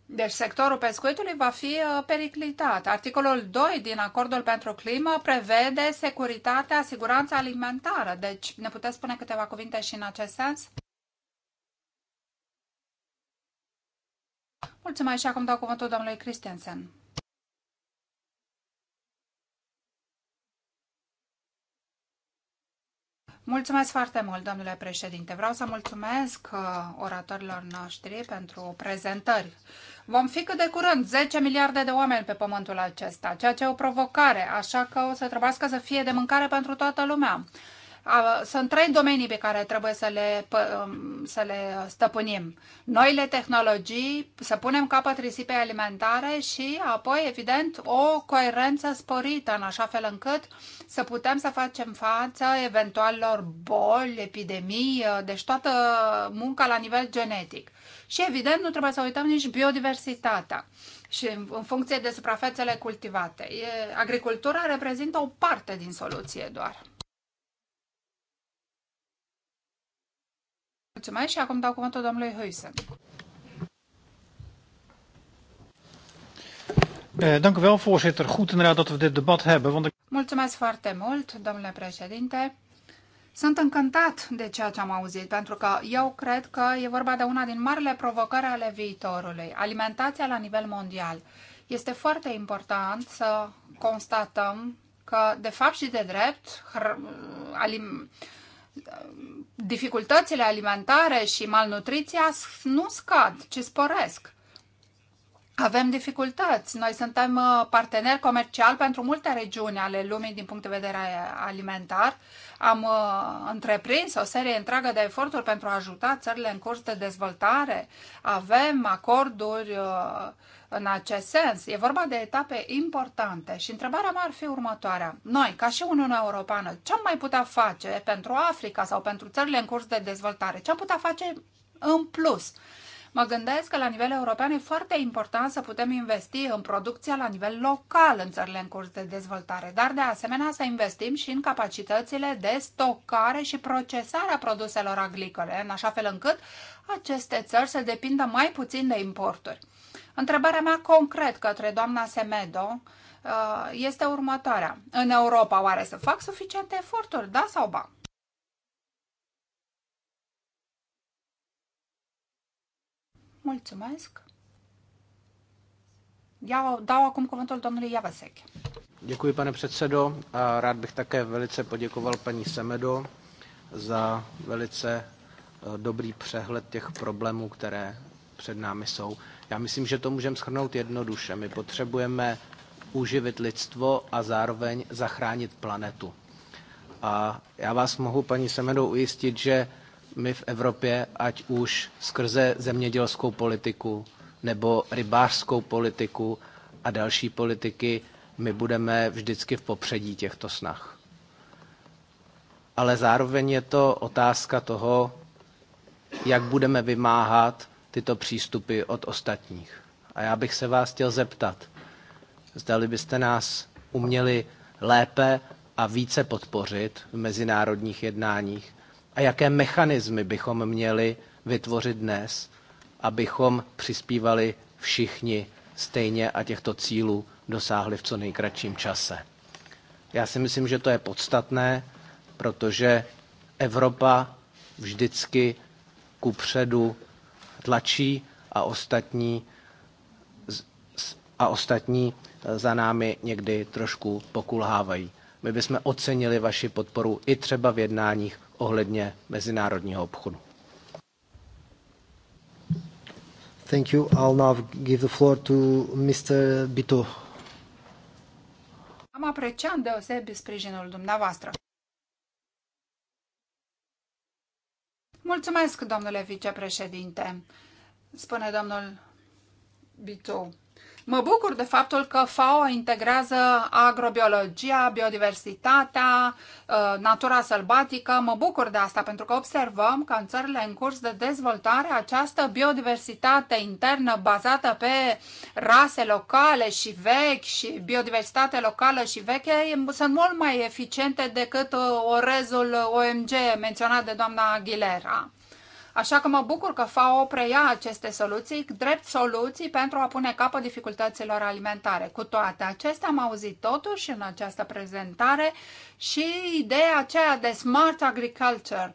Deci sectorul pescuitului va fi uh, periclitat. Articolul 2 din acordul pentru climă prevede securitatea, siguranța alimentară. Deci ne puteți spune câteva cuvinte și în acest sens? Mulțumesc și acum dau cuvântul domnului Christensen. Mulțumesc foarte mult, domnule președinte. Vreau să mulțumesc uh, oratorilor noștri pentru prezentări. Vom fi cât de curând 10 miliarde de oameni pe pământul acesta, ceea ce e o provocare, așa că o să trebuiască să fie de mâncare pentru toată lumea sunt trei domenii pe care trebuie să le, um, să le stăpânim. Noile tehnologii, să punem capăt risipei alimentare și apoi, evident, o coerență sporită în așa fel încât să putem să facem față eventualelor boli, epidemii, uh, deci toată munca la nivel genetic. Și, evident, nu trebuie să uităm nici biodiversitatea și în funcție de suprafețele cultivate. E, agricultura reprezintă o parte din soluție doar. Mulțumesc și acum dau cuvântul domnului Huysen. Eh, dank u wel, voorzitter. Goed inderdaad dat we dit debat hebben. Want... Mulțumesc foarte mult, domnule președinte. Sunt încântat de ceea ce am auzit, pentru că eu cred că e vorba de una din marile provocări ale viitorului, alimentația la nivel mondial. Este foarte important să constatăm că, de fapt și de drept, alim dificultățile alimentare și malnutriția nu scad, ci sporesc. Avem dificultăți. Noi suntem uh, parteneri comercial pentru multe regiuni ale lumii din punct de vedere alimentar am uh, întreprins o serie întreagă de eforturi pentru a ajuta țările în curs de dezvoltare. Avem acorduri uh, în acest sens. E vorba de etape importante și întrebarea mea ar fi următoarea. Noi, ca și Uniunea Europeană, ce am mai putea face pentru Africa sau pentru țările în curs de dezvoltare? Ce am putea face în plus? Mă gândesc că la nivel european e foarte important să putem investi în producția la nivel local în țările în curs de dezvoltare, dar de asemenea să investim și în capacitățile de stocare și procesare a produselor agricole, în așa fel încât aceste țări să depindă mai puțin de importuri. Întrebarea mea concret către doamna Semedo uh, este următoarea. În Europa oare să fac suficiente eforturi, da sau ba? Mulțumesc. Já dau acum cuvântul domnului Javasek. Děkuji, pane předsedo. A rád bych také velice poděkoval paní Semedo za velice eh, dobrý přehled těch problémů, které před námi jsou. Já myslím, že to můžeme schrnout jednoduše. My potřebujeme uživit lidstvo a zároveň zachránit planetu. A já vás mohu, paní Semedo, ujistit, že my v Evropě, ať už skrze zemědělskou politiku nebo rybářskou politiku a další politiky, my budeme vždycky v popředí těchto snah. Ale zároveň je to otázka toho, jak budeme vymáhat tyto přístupy od ostatních. A já bych se vás chtěl zeptat, zdali byste nás uměli lépe a více podpořit v mezinárodních jednáních, a jaké mechanismy bychom měli vytvořit dnes, abychom přispívali všichni stejně a těchto cílů dosáhli v co nejkratším čase. Já si myslím, že to je podstatné, protože Evropa vždycky ku předu tlačí a ostatní, a ostatní za námi někdy trošku pokulhávají. My bychom ocenili vaši podporu i třeba v jednáních ohledně mezinárodního obchodu. Thank you. I'll now give the floor to Mr. Bito. Am apreciat îndeosebi sprijinul dumneavoastră. Mulțumesc, domnule vicepreședinte, spune domnul Bitou. Mă bucur de faptul că FAO integrează agrobiologia, biodiversitatea, uh, natura sălbatică. Mă bucur de asta pentru că observăm că în țările în curs de dezvoltare această biodiversitate internă bazată pe rase locale și vechi și biodiversitate locală și veche sunt mult mai eficiente decât uh, orezul OMG menționat de doamna Aguilera. Așa că mă bucur că FAO preia aceste soluții drept soluții pentru a pune capăt dificultăților alimentare. Cu toate acestea am auzit totuși în această prezentare și ideea aceea de smart agriculture,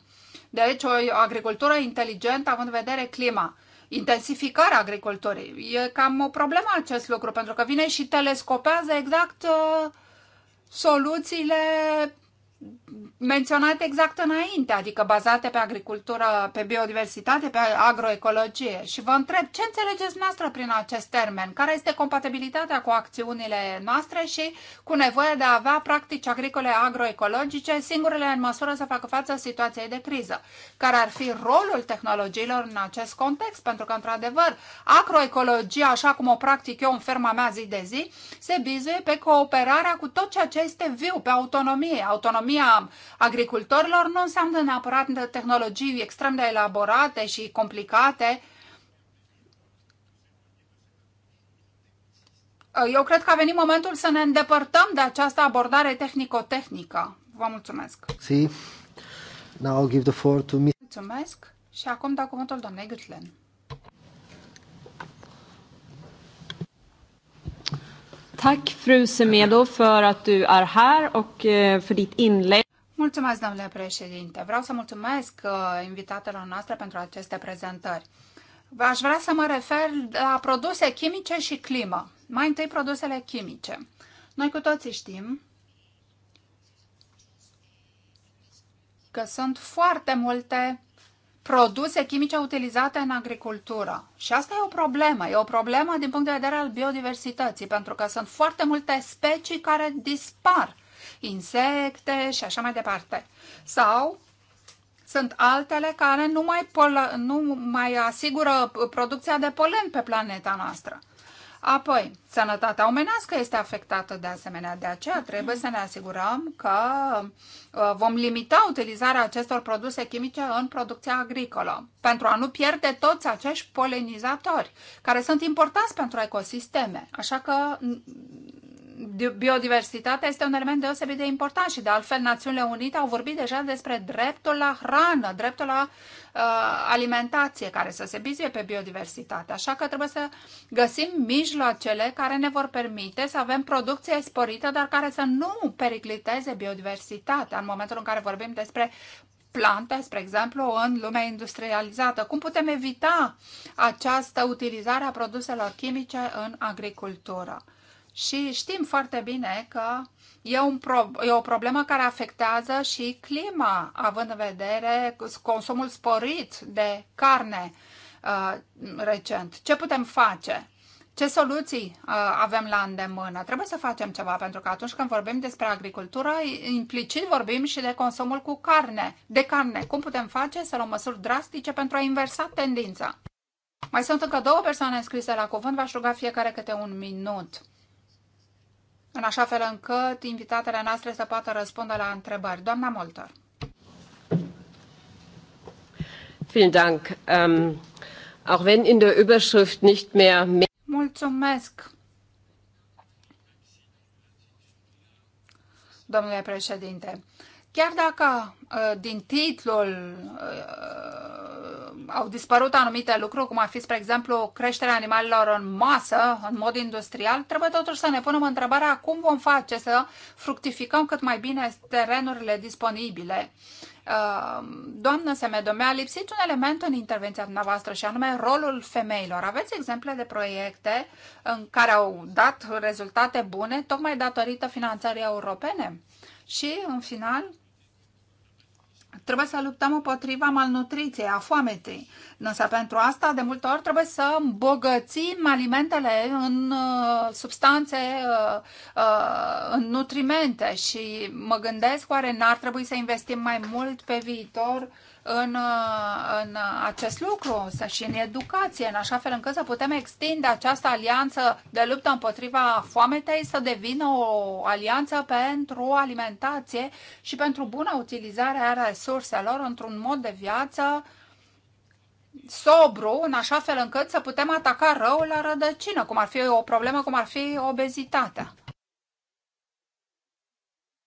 deci o agricultură inteligentă având în vedere clima intensificarea agriculturii. E cam o problemă acest lucru, pentru că vine și telescopează exact uh, soluțiile menționate exact înainte, adică bazate pe agricultură, pe biodiversitate, pe agroecologie. Și vă întreb, ce înțelegeți noastră prin acest termen? Care este compatibilitatea cu acțiunile noastre și cu nevoia de a avea practici agricole agroecologice, singurele în măsură să facă față situației de criză? Care ar fi rolul tehnologiilor în acest context? Pentru că, într-adevăr, agroecologia, așa cum o practic eu în ferma mea zi de zi, se bizuie pe cooperarea cu tot ceea ce este viu, pe autonomie, autonomie economia agricultorilor nu înseamnă neapărat tehnologii extrem de elaborate și complicate. Eu cred că a venit momentul să ne îndepărtăm de această abordare tehnico-tehnică. Vă mulțumesc. See? Now I'll give the floor to me. Mulțumesc și acum dau cuvântul domnului Gutlen. Tack fru Semedo för att du är här och eh, för ditt inlägg. Mulțumesc, domnule președinte. Vreau să mulțumesc eh, invitatelor noastre pentru aceste prezentări. Aș vrea să mă refer la produse chimice și climă. Mai întâi, produsele chimice. Noi cu toții știm că sunt foarte multe produse chimice utilizate în agricultură. Și asta e o problemă. E o problemă din punct de vedere al biodiversității, pentru că sunt foarte multe specii care dispar. Insecte și așa mai departe. Sau sunt altele care nu mai, nu mai asigură producția de polen pe planeta noastră. Apoi, sănătatea omenească este afectată de asemenea, de aceea trebuie să ne asigurăm că uh, vom limita utilizarea acestor produse chimice în producția agricolă, pentru a nu pierde toți acești polenizatori, care sunt importanți pentru ecosisteme. Așa că biodiversitatea este un element deosebit de important și de altfel Națiunile Unite au vorbit deja despre dreptul la hrană, dreptul la uh, alimentație care să se bizuie pe biodiversitate. Așa că trebuie să găsim mijloacele care ne vor permite să avem producție sporită, dar care să nu pericliteze biodiversitatea în momentul în care vorbim despre plante, spre exemplu, în lumea industrializată. Cum putem evita această utilizare a produselor chimice în agricultură? Și știm foarte bine că e, un pro- e o problemă care afectează și clima, având în vedere consumul sporit de carne uh, recent. Ce putem face? Ce soluții uh, avem la îndemână? Trebuie să facem ceva, pentru că atunci când vorbim despre agricultură, implicit vorbim și de consumul cu carne, de carne. Cum putem face să luăm măsuri drastice pentru a inversa tendința? Mai sunt încă două persoane înscrise la cuvânt, v-aș ruga fiecare câte un minut în așa fel încât invitatele noastre să poată răspunde la întrebări. Doamna Moltor. Vielen Dank. Ähm, auch wenn in der Überschrift nicht mehr. Mulțumesc. Domnule președinte, Chiar dacă uh, din titlul uh, au dispărut anumite lucruri, cum ar fi, spre exemplu, creșterea animalelor în masă, în mod industrial, trebuie totuși să ne punem întrebarea cum vom face să fructificăm cât mai bine terenurile disponibile. Uh, doamnă Semedome, a lipsit un element în intervenția dumneavoastră și anume rolul femeilor. Aveți exemple de proiecte în care au dat rezultate bune tocmai datorită finanțării europene? Și, în final, Trebuie să luptăm împotriva malnutriției, a foametei. Însă pentru asta, de multe ori, trebuie să îmbogățim alimentele în uh, substanțe, uh, uh în nutrimente și mă gândesc, oare n-ar trebui să investim mai mult pe viitor uh, în, în acest lucru și în educație, în așa fel încât să putem extinde această alianță de luptă împotriva foametei să devină o alianță pentru alimentație și pentru bună utilizare a resurselor într-un mod de viață sobru, în așa fel încât să putem ataca răul la rădăcină, cum ar fi o problemă, cum ar fi obezitatea.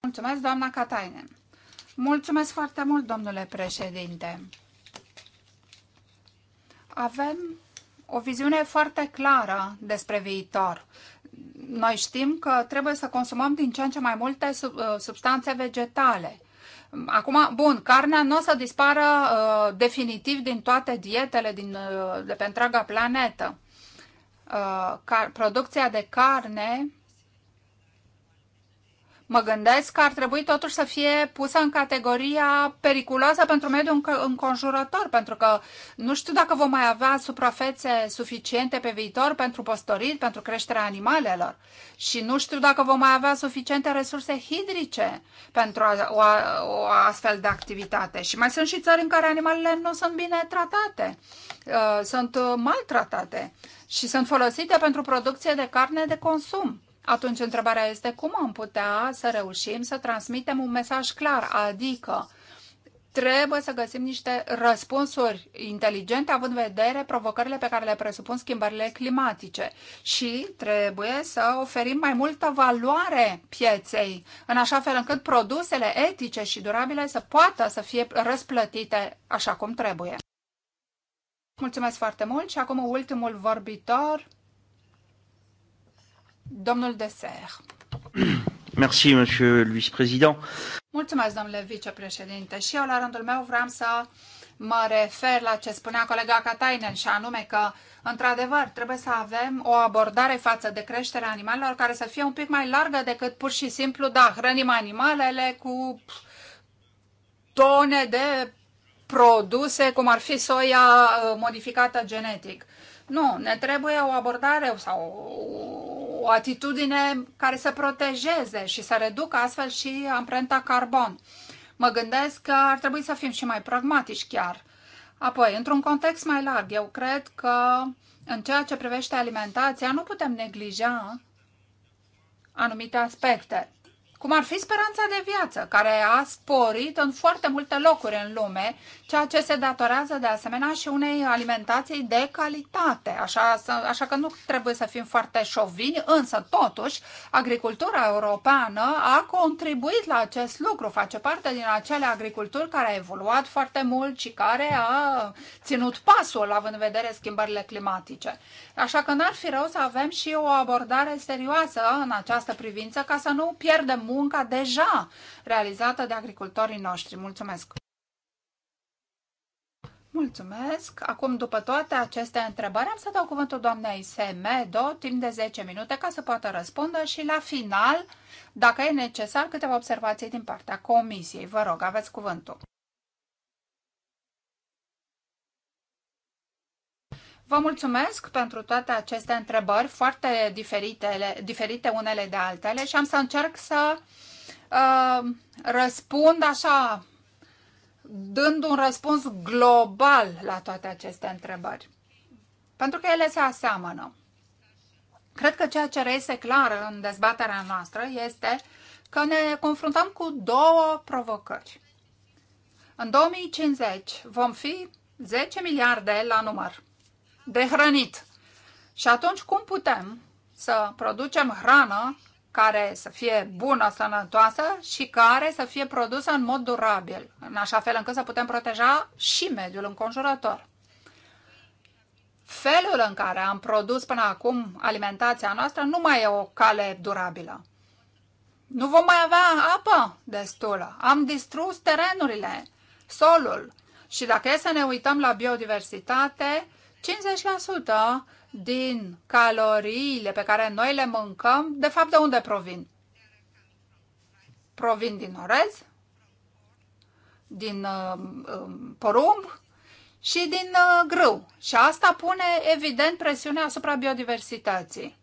Mulțumesc, doamna Katainen. Mulțumesc foarte mult, domnule președinte. Avem o viziune foarte clară despre viitor. Noi știm că trebuie să consumăm din ce în ce mai multe uh, substanțe vegetale. Acum, bun, carnea nu o să dispară uh, definitiv din toate dietele din, uh, de pe întreaga planetă. Uh, car- producția de carne mă gândesc că ar trebui totuși să fie pusă în categoria periculoasă pentru mediul înconjurător, pentru că nu știu dacă vom mai avea suprafețe suficiente pe viitor pentru păstorit, pentru creșterea animalelor și nu știu dacă vom mai avea suficiente resurse hidrice pentru o, o astfel de activitate. Și mai sunt și țări în care animalele nu sunt bine tratate, uh, sunt uh, maltratate și sunt folosite pentru producție de carne de consum atunci întrebarea este cum am putea să reușim să transmitem un mesaj clar, adică trebuie să găsim niște răspunsuri inteligente având în vedere provocările pe care le presupun schimbările climatice și trebuie să oferim mai multă valoare pieței, în așa fel încât produsele etice și durabile să poată să fie răsplătite așa cum trebuie. Mulțumesc foarte mult și acum ultimul vorbitor, Domnul Deser. Merci, monsieur le vice-président. Mulțumesc, domnule vicepreședinte. Și eu, la rândul meu, vreau să mă refer la ce spunea colega Katainen și anume că, într-adevăr, trebuie să avem o abordare față de creșterea animalelor care să fie un pic mai largă decât pur și simplu, da, hrănim animalele cu tone de produse, cum ar fi soia uh, modificată genetic. Nu, ne trebuie o abordare sau o atitudine care să protejeze și să reducă astfel și amprenta carbon. Mă gândesc că ar trebui să fim și mai pragmatici chiar. Apoi, într-un context mai larg, eu cred că în ceea ce privește alimentația nu putem neglija anumite aspecte cum ar fi speranța de viață, care a sporit în foarte multe locuri în lume ceea ce se datorează de asemenea și unei alimentații de calitate. Așa, așa că nu trebuie să fim foarte șovini, însă totuși agricultura europeană a contribuit la acest lucru, face parte din acele agriculturi care a evoluat foarte mult și care a ținut pasul având în vedere schimbările climatice. Așa că n-ar fi rău să avem și o abordare serioasă în această privință ca să nu pierdem munca deja realizată de agricultorii noștri. Mulțumesc! Mulțumesc! Acum, după toate aceste întrebări, am să dau cuvântul doamnei Semedo timp de 10 minute ca să poată răspunde și la final, dacă e necesar, câteva observații din partea comisiei. Vă rog, aveți cuvântul. Vă mulțumesc pentru toate aceste întrebări foarte diferite, diferite unele de altele și am să încerc să uh, răspund așa dând un răspuns global la toate aceste întrebări. Pentru că ele se aseamănă. Cred că ceea ce reiese clar în dezbaterea noastră este că ne confruntăm cu două provocări. În 2050 vom fi 10 miliarde la număr de hrănit. Și atunci cum putem să producem hrană care să fie bună, sănătoasă și care să fie produsă în mod durabil, în așa fel încât să putem proteja și mediul înconjurător. Felul în care am produs până acum alimentația noastră nu mai e o cale durabilă. Nu vom mai avea apă destulă. Am distrus terenurile, solul. Și dacă e să ne uităm la biodiversitate, 50% din caloriile pe care noi le mâncăm, de fapt de unde provin? Provin din orez, din uh, um, porumb și din uh, grâu. Și asta pune evident presiune asupra biodiversității.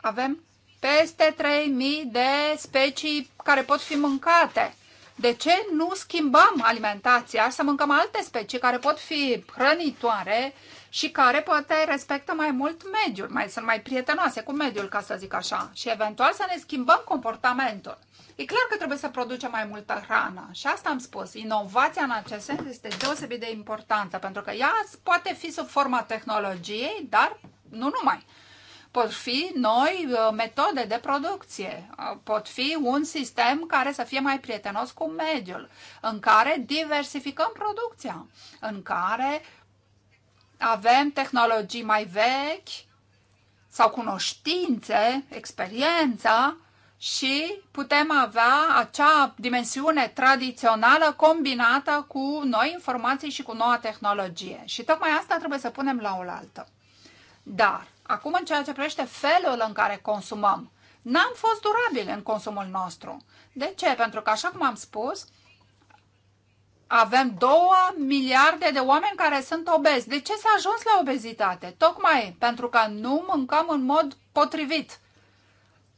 Avem peste 3000 de specii care pot fi mâncate. De ce nu schimbăm alimentația să mâncăm alte specii care pot fi hrănitoare și care poate respectă mai mult mediul, mai, sunt mai prietenoase cu mediul, ca să zic așa, și eventual să ne schimbăm comportamentul. E clar că trebuie să producem mai multă hrană și asta am spus. Inovația în acest sens este deosebit de importantă pentru că ea poate fi sub forma tehnologiei, dar nu numai. Pot fi noi uh, metode de producție, uh, pot fi un sistem care să fie mai prietenos cu mediul, în care diversificăm producția, în care avem tehnologii mai vechi sau cunoștințe, experiența și putem avea acea dimensiune tradițională combinată cu noi informații și cu noua tehnologie. Și tocmai asta trebuie să punem la oaltă. Dar, acum în ceea ce privește felul în care consumăm, n-am fost durabil în consumul nostru. De ce? Pentru că, așa cum am spus, avem 2 miliarde de oameni care sunt obezi. De ce s-a ajuns la obezitate? Tocmai pentru că nu mâncăm în mod potrivit.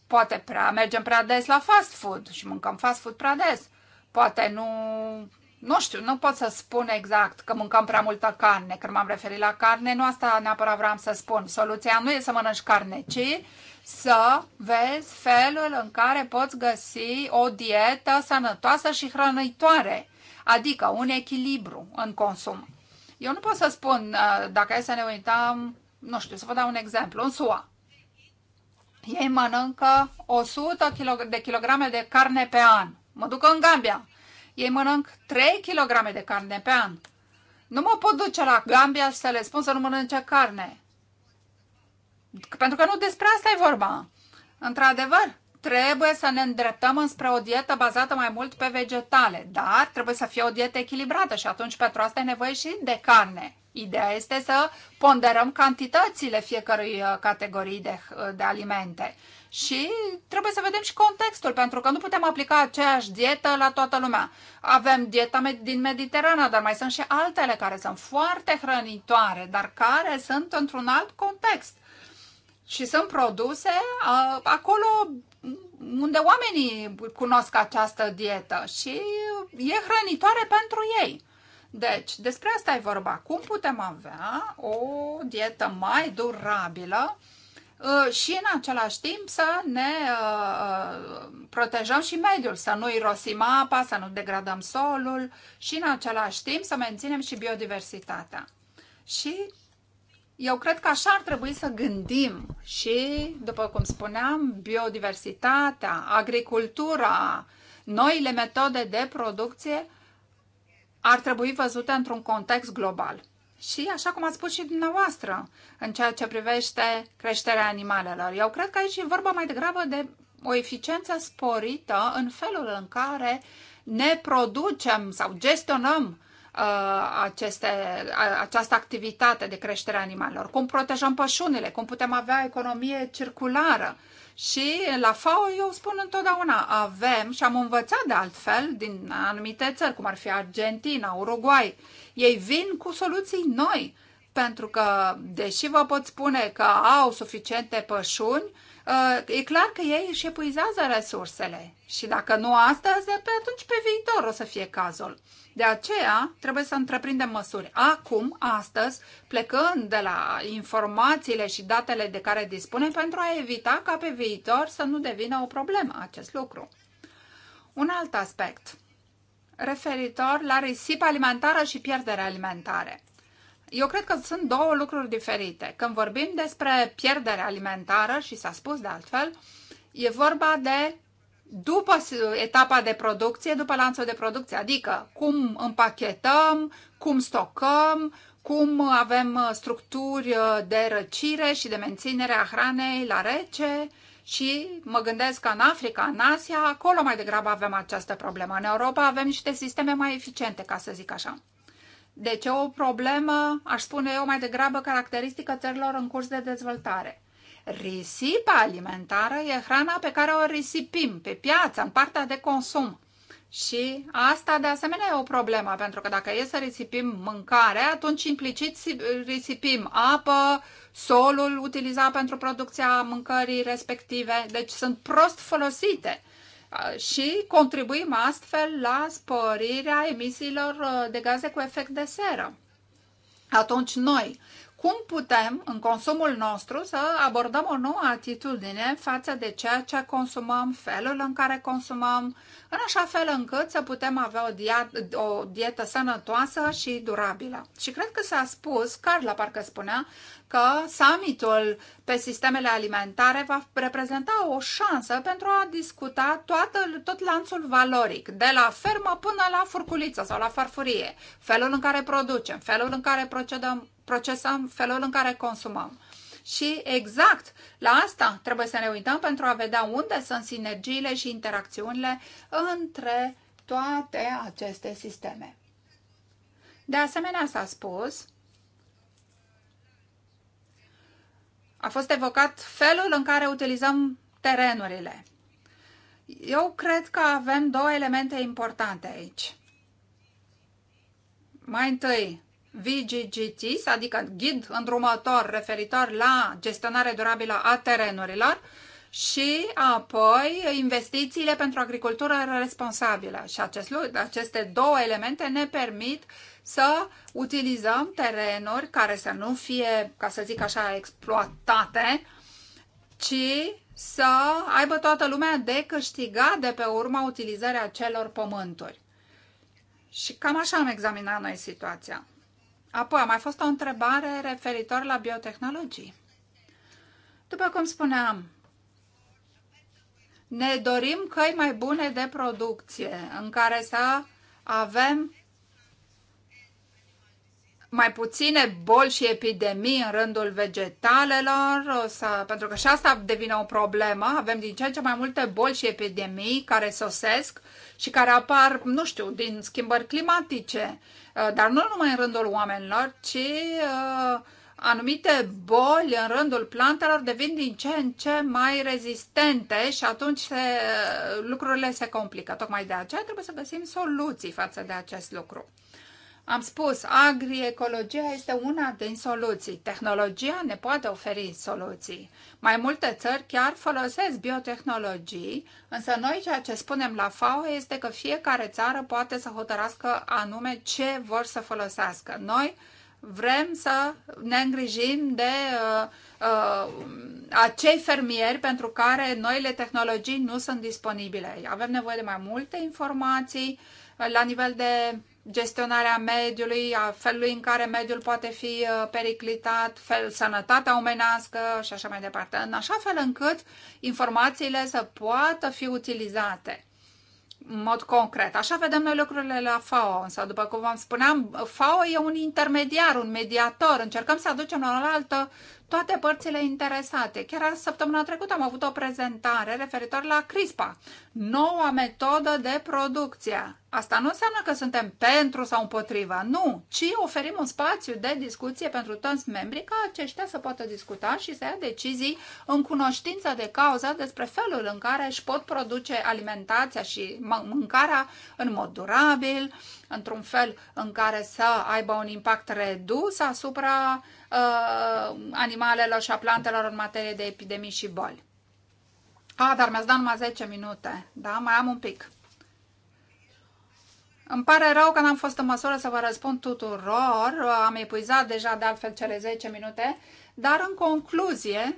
Poate prea mergem prea des la fast food și mâncăm fast food prea des. Poate nu... Nu știu, nu pot să spun exact că mâncăm prea multă carne. Când m-am referit la carne, nu asta neapărat vreau să spun. Soluția nu e să mănânci carne, ci să vezi felul în care poți găsi o dietă sănătoasă și hrănitoare adică un echilibru în consum. Eu nu pot să spun, uh, dacă e să ne uităm, nu știu, să vă dau un exemplu, în SUA. Ei mănâncă 100 de kilograme de carne pe an. Mă duc în Gambia. Ei mănânc 3 kg de carne pe an. Nu mă pot duce la Gambia să le spun să nu mănânce carne. Pentru că nu despre asta e vorba. Într-adevăr, trebuie să ne îndreptăm înspre o dietă bazată mai mult pe vegetale, dar trebuie să fie o dietă echilibrată și atunci pentru asta e nevoie și de carne. Ideea este să ponderăm cantitățile fiecărui uh, categorii de, uh, de alimente. Și trebuie să vedem și contextul, pentru că nu putem aplica aceeași dietă la toată lumea. Avem dieta din Mediterana, dar mai sunt și altele care sunt foarte hrănitoare, dar care sunt într-un alt context. Și sunt produse uh, acolo unde oamenii cunosc această dietă și e hrănitoare pentru ei. Deci, despre asta e vorba. Cum putem avea o dietă mai durabilă uh, și în același timp să ne uh, uh, protejăm și mediul, să nu irosim apa, să nu degradăm solul și în același timp să menținem și biodiversitatea. Și eu cred că așa ar trebui să gândim și, după cum spuneam, biodiversitatea, agricultura, noile metode de producție ar trebui văzute într-un context global. Și, așa cum ați spus și dumneavoastră, în ceea ce privește creșterea animalelor, eu cred că aici e vorba mai degrabă de o eficiență sporită în felul în care ne producem sau gestionăm Uh, aceste, uh, această activitate de creștere a animalelor, cum protejăm pășunile, cum putem avea economie circulară. Și la FAO eu spun întotdeauna, avem și am învățat de altfel din anumite țări, cum ar fi Argentina, Uruguay, ei vin cu soluții noi, pentru că, deși vă pot spune că au suficiente pășuni, Uh, e clar că ei își epuizează resursele și dacă nu astăzi, atunci pe viitor o să fie cazul. De aceea trebuie să întreprindem măsuri acum, astăzi, plecând de la informațiile și datele de care dispunem pentru a evita ca pe viitor să nu devină o problemă acest lucru. Un alt aspect referitor la risipă alimentară și pierdere alimentare. Eu cred că sunt două lucruri diferite. Când vorbim despre pierdere alimentară, și s-a spus de altfel, e vorba de după etapa de producție, după lanțul de producție, adică cum împachetăm, cum stocăm, cum avem uh, structuri uh, de răcire și de menținere a hranei la rece și mă gândesc că în Africa, în Asia, acolo mai degrabă avem această problemă. În Europa avem niște sisteme mai eficiente, ca să zic așa. Deci o problemă, aș spune eu, mai degrabă caracteristică țărilor în curs de dezvoltare. Risipa alimentară e hrana pe care o risipim pe piață, în partea de consum. Și asta, de asemenea, e o problemă, pentru că dacă e să risipim mâncare, atunci implicit risipim apă, solul utilizat pentru producția mâncării respective, deci sunt prost folosite și contribuim astfel la sporirea emisiilor uh, de gaze cu efect de seră. Atunci noi cum putem, în consumul nostru, să abordăm o nouă atitudine față de ceea ce consumăm, felul în care consumăm, în așa fel încât să putem avea o, dia- o dietă sănătoasă și durabilă. Și cred că s-a spus, Carla parcă spunea, că summitul pe sistemele alimentare va reprezenta o șansă pentru a discuta toată, tot lanțul valoric, de la fermă până la furculiță sau la farfurie, felul în care producem, felul în care procedăm procesăm, felul în care consumăm. Și exact la asta trebuie să ne uităm pentru a vedea unde sunt sinergiile și interacțiunile între toate aceste sisteme. De asemenea, s-a spus, a fost evocat felul în care utilizăm terenurile. Eu cred că avem două elemente importante aici. Mai întâi, VGGT, adică ghid îndrumător referitor la gestionare durabilă a terenurilor și apoi investițiile pentru agricultură responsabilă. Și acest, aceste două elemente ne permit să utilizăm terenuri care să nu fie, ca să zic așa, exploatate, ci să aibă toată lumea de câștigat de pe urma utilizării acelor pământuri. Și cam așa am examinat noi situația. Apoi a mai fost o întrebare referitor la biotehnologii. După cum spuneam, ne dorim căi mai bune de producție în care să avem mai puține boli și epidemii în rândul vegetalelor, să, pentru că și asta devine o problemă. Avem din ce în ce mai multe boli și epidemii care sosesc și care apar, nu știu, din schimbări climatice, Uh, dar nu numai în rândul oamenilor, ci uh, anumite boli în rândul plantelor devin din ce în ce mai rezistente și atunci se, uh, lucrurile se complică. Tocmai de aceea trebuie să găsim soluții față de acest lucru. Am spus, agriecologia este una din soluții. Tehnologia ne poate oferi soluții. Mai multe țări chiar folosesc biotehnologii, însă noi ceea ce spunem la FAO este că fiecare țară poate să hotărască anume ce vor să folosească. Noi vrem să ne îngrijim de uh, uh, acei fermieri pentru care noile tehnologii nu sunt disponibile. Avem nevoie de mai multe informații la nivel de gestionarea mediului, a felului în care mediul poate fi uh, periclitat, fel, sănătatea omenească și așa mai departe, în așa fel încât informațiile să poată fi utilizate în mod concret. Așa vedem noi lucrurile la FAO, însă după cum v-am spuneam, FAO e un intermediar, un mediator. Încercăm să aducem la altă toate părțile interesate. Chiar săptămâna trecută am avut o prezentare referitor la CRISPA, noua metodă de producție. Asta nu înseamnă că suntem pentru sau împotriva, nu, ci oferim un spațiu de discuție pentru toți membrii ca aceștia să poată discuta și să ia decizii în cunoștință de cauza despre felul în care își pot produce alimentația și mâncarea în mod durabil, într-un fel în care să aibă un impact redus asupra uh, animalelor și a plantelor în materie de epidemii și boli. A, dar mi-ați dat numai 10 minute. Da, mai am un pic. Îmi pare rău că n-am fost în măsură să vă răspund tuturor. Am epuizat deja de altfel cele 10 minute. Dar în concluzie,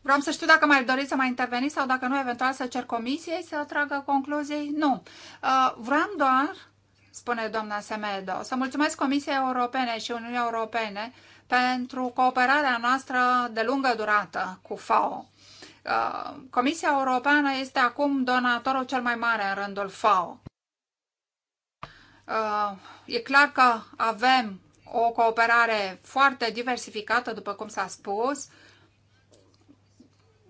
Vreau să știu dacă mai doriți să mai interveniți sau dacă nu, eventual să cer comisiei să tragă concluzii. Nu. Uh, vreau doar, spune doamna Semedo, să mulțumesc Comisiei Europene și Uniunii Europene pentru cooperarea noastră de lungă durată cu FAO. Uh, Comisia Europeană este acum donatorul cel mai mare în rândul FAO. Uh, e clar că avem o cooperare foarte diversificată, după cum s-a spus,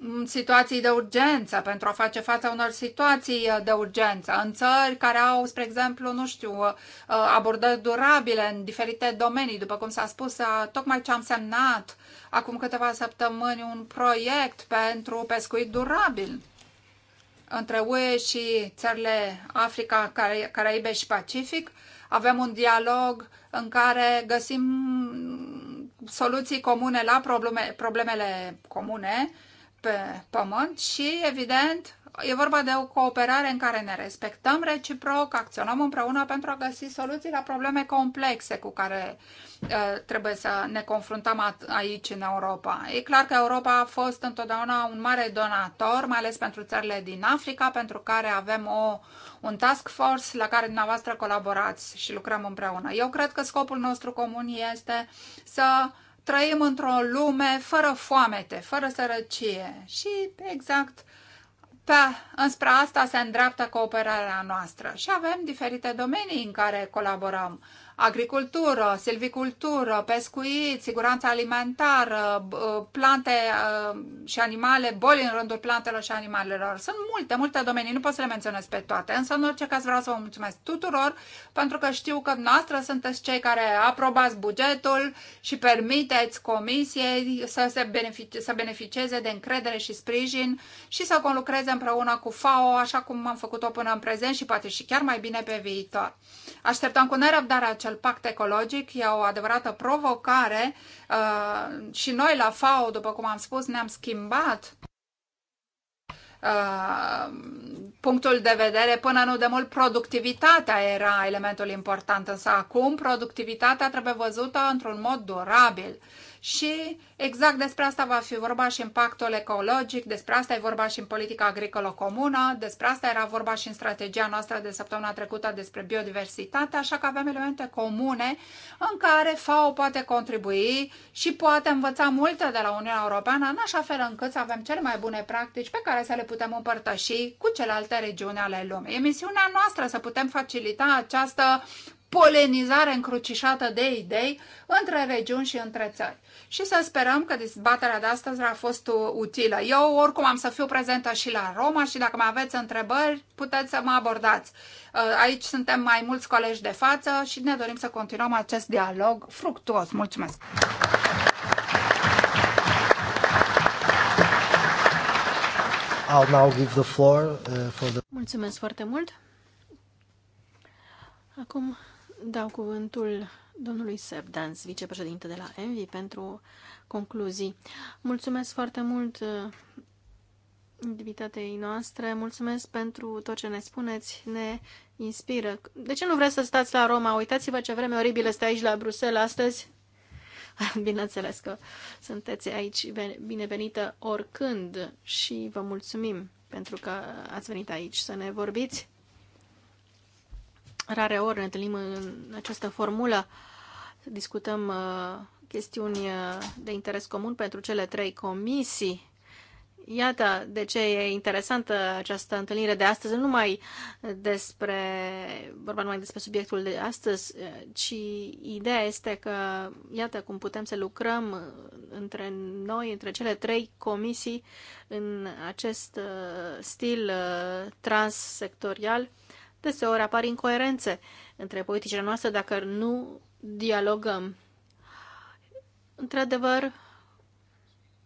Mm, situații de urgență, pentru a face față unor situații uh, de urgență, în țări care au, spre exemplu, nu știu, uh, abordări durabile în diferite domenii, după cum s-a spus, uh, tocmai ce am semnat acum câteva săptămâni un proiect pentru pescuit durabil între UE și țările Africa, Caraibe și Pacific. Avem un dialog în care găsim soluții comune la probleme, problemele comune pe pământ și, evident, e vorba de o cooperare în care ne respectăm reciproc, acționăm împreună pentru a găsi soluții la probleme complexe cu care uh, trebuie să ne confruntăm aici în Europa. E clar că Europa a fost întotdeauna un mare donator, mai ales pentru țările din Africa, pentru care avem o, un task force la care dumneavoastră colaborați și lucrăm împreună. Eu cred că scopul nostru comun este să uh, trăim într-o lume fără foamete, fără sărăcie și exact pe, înspre asta se îndreaptă cooperarea noastră și avem diferite domenii în care colaborăm agricultură, silvicultură, pescuit, siguranță alimentară, plante uh, și animale, boli în rândul plantelor și animalelor. Sunt multe, multe domenii, nu pot să le menționez pe toate, însă în orice caz vreau să vă mulțumesc tuturor pentru că știu că noastră sunteți cei care aprobați bugetul și permiteți comisiei să, se beneficie, să beneficieze de încredere și sprijin și să conlucreze împreună cu FAO, așa cum am făcut-o până în prezent și poate și chiar mai bine pe viitor. Așteptăm cu nerăbdare acest acel pact ecologic. E o adevărată provocare uh, și noi la FAO, după cum am spus, ne-am schimbat Uh, punctul de vedere, până nu de mult productivitatea era elementul important, însă acum productivitatea trebuie văzută într-un mod durabil și exact despre asta va fi vorba și în pactul ecologic, despre asta e vorba și în politica agricolă comună, despre asta era vorba și în strategia noastră de săptămâna trecută despre biodiversitate, așa că avem elemente comune în care FAO poate contribui și poate învăța multe de la Uniunea Europeană, în așa fel încât să avem cele mai bune practici pe care să le putem împărtăși cu celelalte regiuni ale lumii. E misiunea noastră să putem facilita această polenizare încrucișată de idei între regiuni și între țări. Și să sperăm că dezbaterea de astăzi a fost utilă. Eu oricum am să fiu prezentă și la Roma și dacă mai aveți întrebări, puteți să mă abordați. Uh, aici suntem mai mulți colegi de față și ne dorim să continuăm acest dialog fructuos. Mulțumesc! I'll now give the floor uh, for the... Mulțumesc foarte mult! Acum dau cuvântul domnului Seb Dans, vicepreședinte de la Envi, pentru concluzii. Mulțumesc foarte mult uh, invitatei noastre, mulțumesc pentru tot ce ne spuneți, ne inspiră. De ce nu vreți să stați la Roma? Uitați-vă ce vreme oribilă este aici la Bruxelles astăzi. Bineînțeles că sunteți aici binevenită oricând și vă mulțumim pentru că ați venit aici să ne vorbiți. Rare ori ne întâlnim în această formulă. Discutăm uh, chestiuni uh, de interes comun pentru cele trei comisii. Iată de ce e interesantă această întâlnire de astăzi, nu mai despre, vorba numai despre subiectul de astăzi, ci ideea este că, iată cum putem să lucrăm între noi, între cele trei comisii, în acest uh, stil transsectorial deseori apar incoerențe între politicile noastre dacă nu dialogăm. Într-adevăr,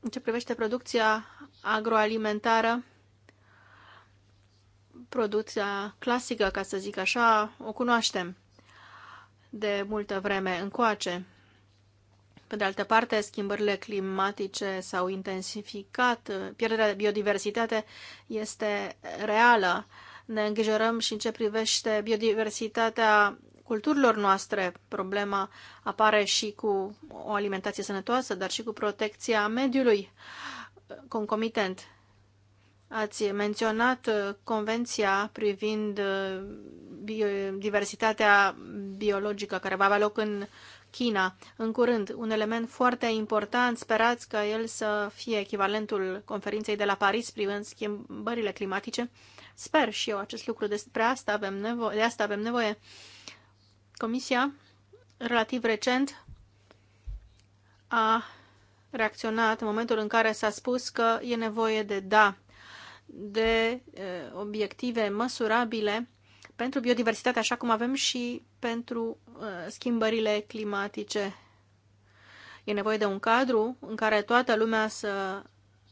în ce privește producția agroalimentară, producția clasică, ca să zic așa, o cunoaștem de multă vreme încoace. Pe de altă parte, schimbările climatice s-au intensificat, pierderea de biodiversitate este reală ne îngrijorăm și în ce privește biodiversitatea culturilor noastre. Problema apare și cu o alimentație sănătoasă, dar și cu protecția mediului concomitent. Ați menționat uh, convenția privind uh, diversitatea biologică care va avea loc în China în curând. Un element foarte important, sperați că el să fie echivalentul conferinței de la Paris privind schimbările climatice. Sper și eu acest lucru, despre asta avem nevoie, de asta avem nevoie. Comisia, relativ recent, a reacționat în momentul în care s-a spus că e nevoie de da, de obiective măsurabile pentru biodiversitate, așa cum avem și pentru schimbările climatice. E nevoie de un cadru în care toată lumea să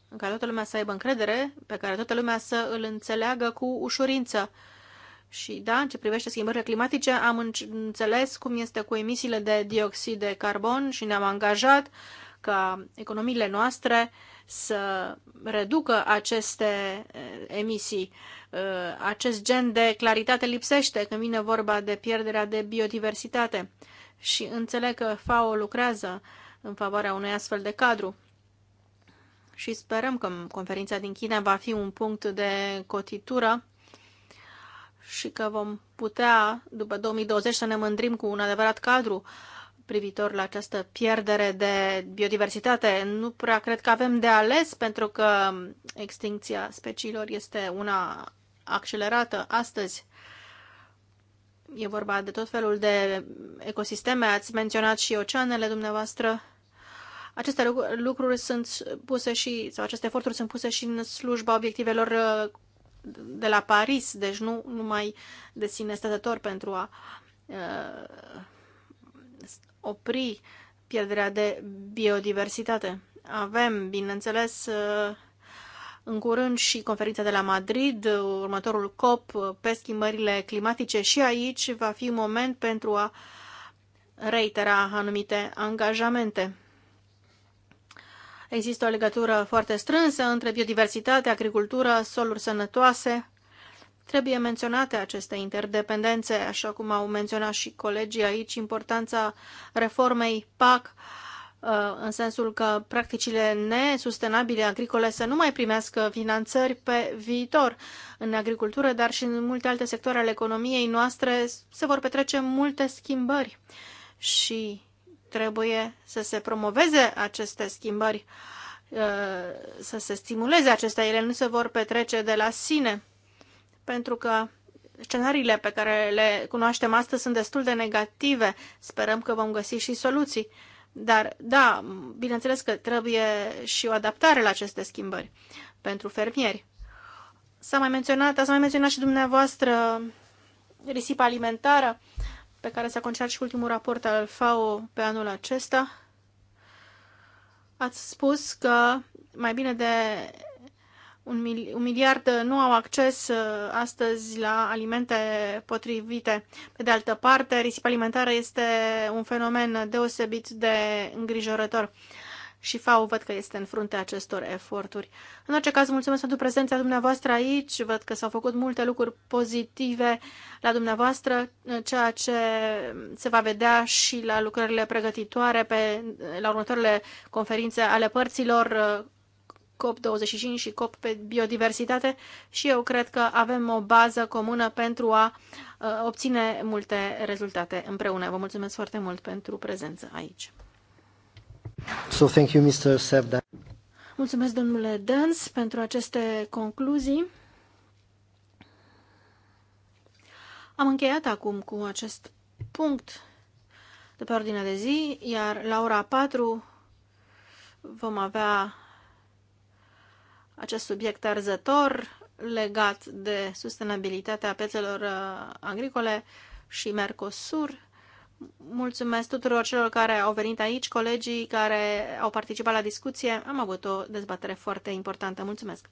în care toată lumea să aibă încredere, pe care toată lumea să îl înțeleagă cu ușurință. Și da, în ce privește schimbările climatice, am înțeles cum este cu emisiile de dioxid de carbon și ne-am angajat ca economiile noastre să reducă aceste eh, emisii. Eh, acest gen de claritate lipsește când vine vorba de pierderea de biodiversitate și înțeleg că FAO lucrează în favoarea unui astfel de cadru și sperăm că conferința din China va fi un punct de cotitură și că vom putea, după 2020, să ne mândrim cu un adevărat cadru privitor la această pierdere de biodiversitate. Nu prea cred că avem de ales, pentru că extinția speciilor este una accelerată astăzi. E vorba de tot felul de ecosisteme, ați menționat și oceanele dumneavoastră aceste lucruri sunt puse și, sau aceste eforturi sunt puse și în slujba obiectivelor uh, de la Paris, deci nu numai de sine stătător pentru a uh, opri pierderea de biodiversitate. Avem, bineînțeles, uh, în curând și conferința de la Madrid, următorul COP uh, pe schimbările climatice și aici va fi un moment pentru a reitera anumite angajamente. Există o legătură foarte strânsă între biodiversitate, agricultură, soluri sănătoase. Trebuie menționate aceste interdependențe, așa cum au menționat și colegii aici, importanța reformei PAC, uh, în sensul că practicile nesustenabile agricole să nu mai primească finanțări pe viitor în agricultură, dar și în multe alte sectoare ale economiei noastre se vor petrece multe schimbări și Trebuie să se promoveze aceste schimbări, uh, să se stimuleze acestea. Ele nu se vor petrece de la sine, pentru că scenariile pe care le cunoaștem astăzi sunt destul de negative. Sperăm că vom găsi și soluții. Dar, da, bineînțeles că trebuie și o adaptare la aceste schimbări pentru fermieri. S-a mai menționat, ați mai menționat și dumneavoastră risipa alimentară pe care s-a concentrat și ultimul raport al FAO pe anul acesta, ați spus că mai bine de un, mil, un miliard nu au acces uh, astăzi la alimente potrivite. Pe de altă parte, risipa alimentară este un fenomen deosebit de îngrijorător și FAO văd că este în fruntea acestor eforturi. În orice caz, mulțumesc pentru prezența dumneavoastră aici. Văd că s-au făcut multe lucruri pozitive la dumneavoastră, ceea ce se va vedea și la lucrările pregătitoare pe, la următoarele conferințe ale părților COP25 și COP pe biodiversitate și eu cred că avem o bază comună pentru a uh, obține multe rezultate împreună. Vă mulțumesc foarte mult pentru prezență aici. So thank you, Mr. Sevda. Mulțumesc, domnule Dens, pentru aceste concluzii. Am încheiat acum cu acest punct de pe ordinea de zi, iar la ora 4 vom avea acest subiect arzător legat de sustenabilitatea pețelor uh, agricole și Mercosur. Mulțumesc tuturor celor care au venit aici, colegii care au participat la discuție. Am avut o dezbatere foarte importantă. Mulțumesc!